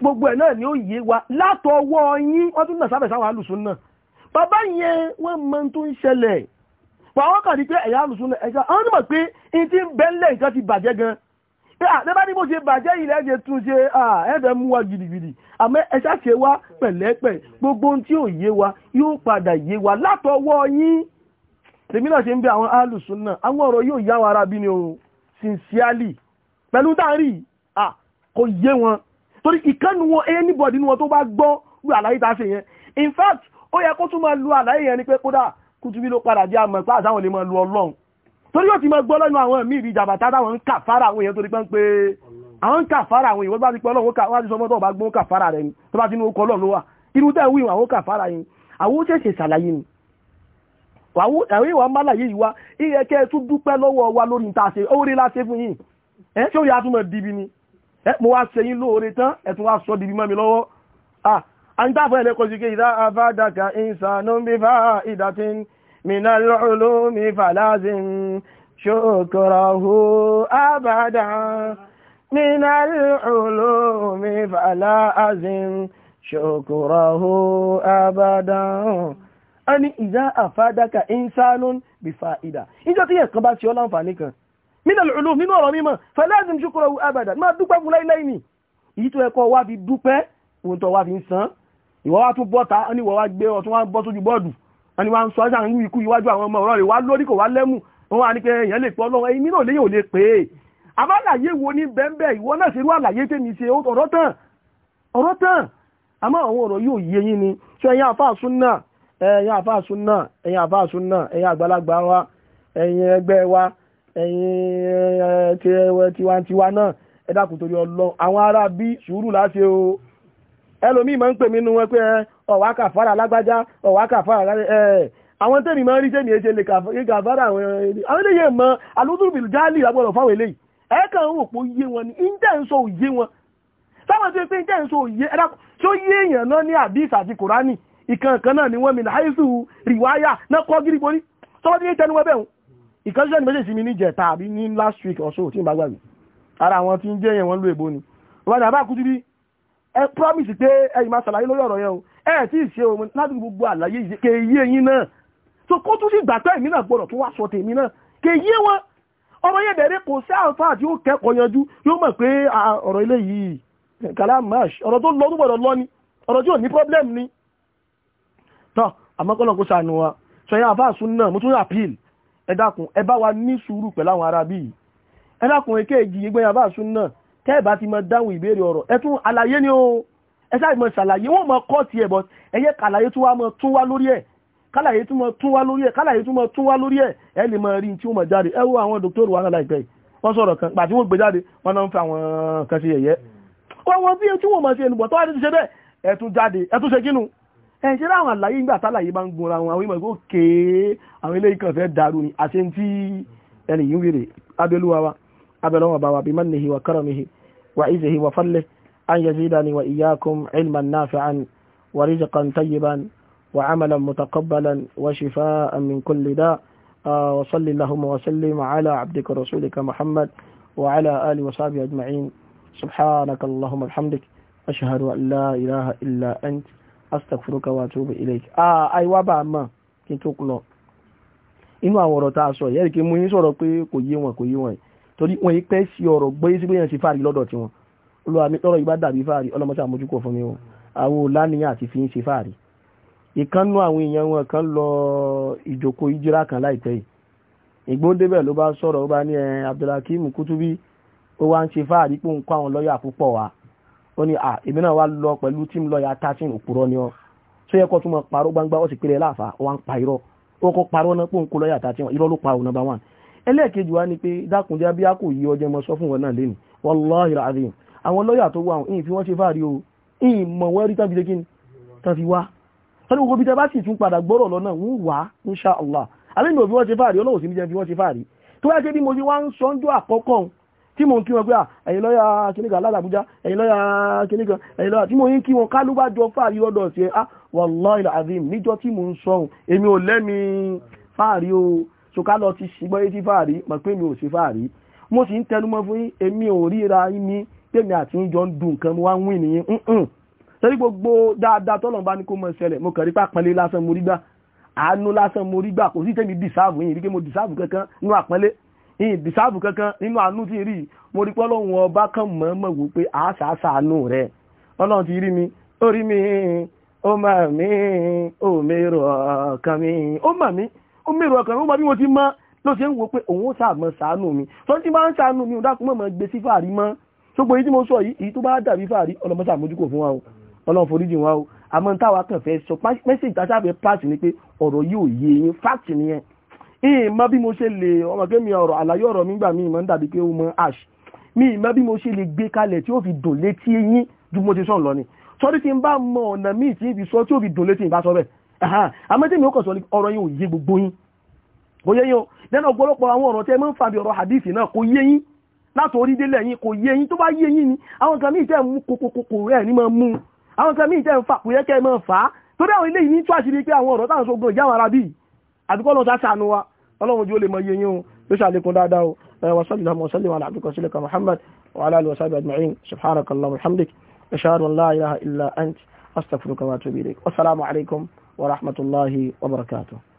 [SPEAKER 2] gbogbo ẹ̀ náà ni ó yé wa látọwọ́ yín wọ́n tún náà sábẹ̀ sáwọn alùsùn náà bàbá yẹn wọ́n mọ tó ń ṣẹlẹ̀ pàwọ́ kàn ní pé ẹ̀yà alùsùn náà ẹ̀ṣà àwọn onímọ̀ pé in ti ń bẹ́ńlẹ̀ nǹkan ti bàjẹ́ gan pé àdébá ní bó ṣe bàjẹ́ ilẹ̀ ṣe tún ṣe ẹ̀fẹ̀ mú wa gidigidi àmọ́ ẹ̀ṣà ṣe o sincerely pẹ̀lú dáàrí à kò yé wọn torí ìkánu wọn anybody ní wọn tó bá gbọ́ lu àlàyé tá a ṣe yẹn in fact ó yẹ kó tún máa lu àlàyé yẹn ni pé kódà kútubí ló padà jẹ́ àmọ́ ìpá àtàwọn lè máa lu ọlọ́run torí yóò ti máa gbọ́ lẹ́nu àwọn míì ìjàmbá táwọn ń kà fara àwọn èèyàn torí pé ń pé àwọn ń kà fara àwọn èèyàn bá ti pẹ́ ọlọ́run wá ti sọ mọ́tò ọba gbọ́n kà fara rẹ̀ ni tó bá ti ní orúkọ ọlọ́run ló wà irú tẹ́ wíwọ̀n àwọn kà fara yẹn àwọn ó ṣẹ̀ṣẹ̀ ṣàlàyé ni àwọn ìwà málàyé ìwá ìyẹ kẹ́ tún dúpẹ́ lọ́wọ́ wa lórí ìta ṣe orí láṣẹ fún yìí ẹ́ tí ó yá túnmọ̀ dìbì ni mo wá ṣe yín lóore tán ẹ̀tún wá sọ dìbì mọ́ lọ́wọ́ àǹtàfẹ́ ẹ̀lẹ́kọ̀ọ́ a ní ìzá àfádákà insanun bí fa'ida ìjọ tí yẹ̀kan bá ti ọlá ǹfàní kan min al-ulum nínú ọ̀rọ̀ mímọ̀ falazim shukruhu abadan máa dúpẹ́ fún láìláì ní èyí tó ẹkọ wá fi dúpẹ́ ohun tó wá fi ń san ìwọ wá tún bọ́ta ní ìwọ wá gbé ọtún wá bọ́ sójú bọ́ọ̀dù wọn ni wá ń sọ ajá ń ikú iwájú àwọn ọmọ ọ̀rọ̀ rẹ̀ wá lórí kò wá ẹ̀yin àfáàsùn náà ẹ̀yin àfáàsùn náà ẹ̀yin àgbàlagbà wa ẹ̀yin ẹgbẹ́ wa ẹ̀yin tiwantiwa náà ẹ dákun torí ọlọ àwọn ará bí sùúrù láti o ẹlòmíì máa ń pè mí nu wọn pé ọ̀wá kàfàrà lágbájá ọ̀wá kàfàrà ẹ̀ àwọn tẹ́mi máa ń rí tẹ́mi ẹ̀ṣẹ̀ lè kàfàrà àwọn eléyìí mọ alódùrùbìlì jáàlì àgbọ̀dọ̀ fáwọn eléyìí ẹ̀ẹ́kàn ń wò pé yé wọn ni ìjẹ́ ń sọ òye wọn táwọn tí ó pé ìjẹ́ ń sọ òye ẹ̀dá tó yé èèyàn náà ní àbí ìsàtì kòránì ìkan kan náà ni wọ́n mi ní àìsù rìwáyà náà kọ́ gírí borí tọ́wọ́ tí ní tẹnu ni méjèèjì mi ní jẹ̀ta àbí ní last week ọ̀ṣọ́ tí n bá gbàgbé ni wọ́n ní àbá kú síbí promise pé ẹ̀yin máa ṣàlàyé lórí ọ̀rọ̀ yẹn o ẹ tí ì ṣe òun láti gbogbo àlàyé kéyé yín náà so kó tún sí ìgbà tẹ́ èmi náà gbọ́dọ̀ tún wá sọ tèmi náà kéyé wọn ọmọ yẹn bẹ̀rẹ̀ kò sí àǹfà tí ó kẹ́kọ̀ọ́ yanjú yóò mọ̀ pé ah, ọ̀rọ̀ ilé yìí kàlámàṣ ọ̀rọ̀ tó lọ tó gbọ́dọ̀ ni ọ̀rọ̀ tí ò ní problem ni tọ́ àmọ́kọ́lọ̀ kó sànù wa ṣọyá àfáà sún náà mo tún àpíl ẹ dákun ẹ bá wa ní sùúrù pẹ̀lú àwọn ará bí ẹ dákun èké èjì ìgbẹ́yìn àfáà sún náà tẹ́ẹ̀bá ti mọ dáhùn ìbéèrè ọ̀rọ̀ ẹ tún àlàyé ni ó ẹ sáà mọ ṣàlàyé wọn mọ kọ́ tiẹ̀ bọ́ ẹ yẹ kàlàyé tún wá mọ tún wá lórí ẹ̀ kàlàyé tún mọ tún wá lórí ẹ̀ kàlàyé tún mọ tún wá lórí ẹ̀ ẹ lè mọ rí tí ó mọ jáde ẹ wo àwọn dòkítọ́rù wa náà láìpẹ́ yìí wọ́n sọ̀rọ̀ kan pàtí wọ́n gbé jáde wọ́n náà ń fa àwọn kan sí ẹ̀yẹ́ wọ́n wọ́n bí tí wọ́n mọ̀ sí ẹnubọ̀ tó wá ti ṣe bẹ́ẹ̀ ẹ̀tún jáde ẹ̀tún ṣe kínú ẹ̀yìn ṣe láwọn àlàyé ìgbà tálàyé bá ń gunra wọn àwọn ìmọ̀ kéé àwọn ilé ìkàn fẹ́ dàrú ni
[SPEAKER 1] àti tí ẹni yìí wèrè abẹ́lúwa wa abẹ́lọ́wọ̀ bá wa bí mannihi wa karamihi wa izihi wa fadlihi an yazidani wa iyyakum ilman nafi'an wa rizqan tayyiban astaghfiruka wa atubu ilayk àìwá ah, bá a mọ̀ kí n tó lọ inú àwọn ọ̀rọ̀ so a sọ yẹ́rì kí mú yín sọ̀rọ̀ pé kò yé wọn kò yé wọn torí wọn yìí pẹ́ sí ọ̀rọ̀ gbóyé sí bóyá sí fáàrí lọ́dọ̀ tiwọn olúwa mi tọrọ ìbá dàbí fáàrí ọlọmọsí àmójúkọ fún mi o àwọn olániyàn àti fi ń ṣe fáàrí ìkànnú àwọn èèyàn wọn kan lọ ìjókòó ìjírá kan láìpẹ́ yìí ìgbóndébẹ̀ ló bá sọ̀rọ̀ ó bá ní ẹ Abdulhakeem Kutubi ó wá ń ṣe fáàrí pé òun kọ́ àwọn lọ́yà púpọ̀ wá wọ́n ní à èmi náà wá lọ pẹ̀lú tí mo lọ ya tá sí òpùrọ́ ni ọ́
[SPEAKER 2] tó yẹ kó tún mọ parọ́ gbangba ó sì péré láàfà wọ́n ń pa irọ́ ó kó parọ́ náà pé òun kó lọ́yà tá irọ́ ló pa òun number one ẹlẹ́ẹ̀kejì wa ni pé dákùnjẹ́ bí a kò yí ọjọ́ mọ sọ fún wọn náà lẹ́nu wallahi azim àwọn lọ́yà tó wà ìyìn fi wọ́n ṣe fáàrí o ìyìn mọ̀ wọ́n rí tábìlẹ̀ kí ni tán fi wá tán ní gbogbo bí tẹ́ bá sì tún padà gbọ́rọ̀ lọ náà tí mo ń kí wọn pé ẹ̀yin lọ́yà kìnnìkan aládàbújá ẹ̀yin lọ́yà kìnnìkan ẹ̀yin lọ́yà tí mo ń kí wọn kálúbájọ fàárí ọdọ̀ sí ẹ́ wallahi azim níjọ́ tí mo ń sọ̀hún èmi ò lẹ́mi fàárí o ṣoká lọ ti ṣùgbọ́n etí fàárí mọ̀ pé mi ò ṣe fàárí mo sì ń tẹnumọ́ fún yín èmi ò ríra ní pèmí àti ìjọ ń dùn nǹkan mo wá ń wìn nìyẹn torí gbogbo dáadáa tọ́lọ̀ bá ní kó mọ̀ ṣẹlẹ̀ mo kàn rí pàpẹ́lẹ́ lásán mo rí gbà àánú lásán mo rí gbà kò sí tẹ́mi dìsáàbù yìí rí pé mo dìsáàbù kankan nínú àpẹ́lẹ́ ìdìsáàbù kankan nínú àánú tí rí mo rí pọ́ lóhun ọba kan mọ̀ọ́mọ̀ wò pé àásàásàánú rẹ̀ ọlọ́run ti rí mi ó rí mi ó mọ̀ mí ó mérò ọkàn mi ó mọ̀ mí ó mérò ọkàn mi ó mọ̀ bí mo ti mọ́ ló ṣe ń wo pé òun ó sàmọ̀ sàánú mi tó ti máa ń sàánú mi ò dákun mọ̀mọ́ gbé sí fàárí mọ́ ṣùgbọ́n èyí tí mo sọ yìí èyí tó bá dàbí fàárí ọlọ́mọṣà mójúkò fún wa o ọlọ́run ìmọ̀ bí mo ṣe lè ọmọ pé mi ọ̀rọ̀ àlàyé ọ̀rọ̀ mi gbà mí ìmọ̀ ń dàbí pé ó mọ ash mi ìmọ̀ bí mo ṣe lè gbé kalẹ̀ tí ó fi dùn létí yín ju mo ti sọ̀n lọ ni sọ́dí tí n bá mọ ọ̀nà míì tí ibi sọ tí ó fi dùn létí ìbá sọ bẹ́ẹ̀ àmọ́ tí mi ó kàn sọ ní ọ̀rọ̀ yín ò yé gbogbo yín kò yé yín o lẹ́nu ọ̀pọ̀lọpọ̀ àwọn ọ̀rọ̀ tí ẹ máa ń fàbí ọ̀rọ̀ hadith náà kò yé yín láti orí délẹ̀ yín kò yé yín tó bá yé yín ni àwọn kan míì tẹ́ mú kòkòkò rẹ̀ ní máa mú àwọn kan míì tẹ́ ń fà kò yẹ kẹ́ máa fà á torí àwọn ilé yìí ní tó àṣírí pé àwọn ọ̀rọ̀ táwọn sọgbọ́n ìyá àwọn arábì àdúgbò lọ́ta sànú wa ọlọ́run ojú
[SPEAKER 1] ó jó yóò ṣàlékún dáadáa o wasallam wasallam ala abdika rasulika muhammad wa ala alihi wa sahbihi ajma'in subhanaka allahumma hamdik ashhadu an la ilaha illa ant astaghfiruka wa tóbi rẹ̀ wassalamu alaikum wa rahmatullahi wa barakatuh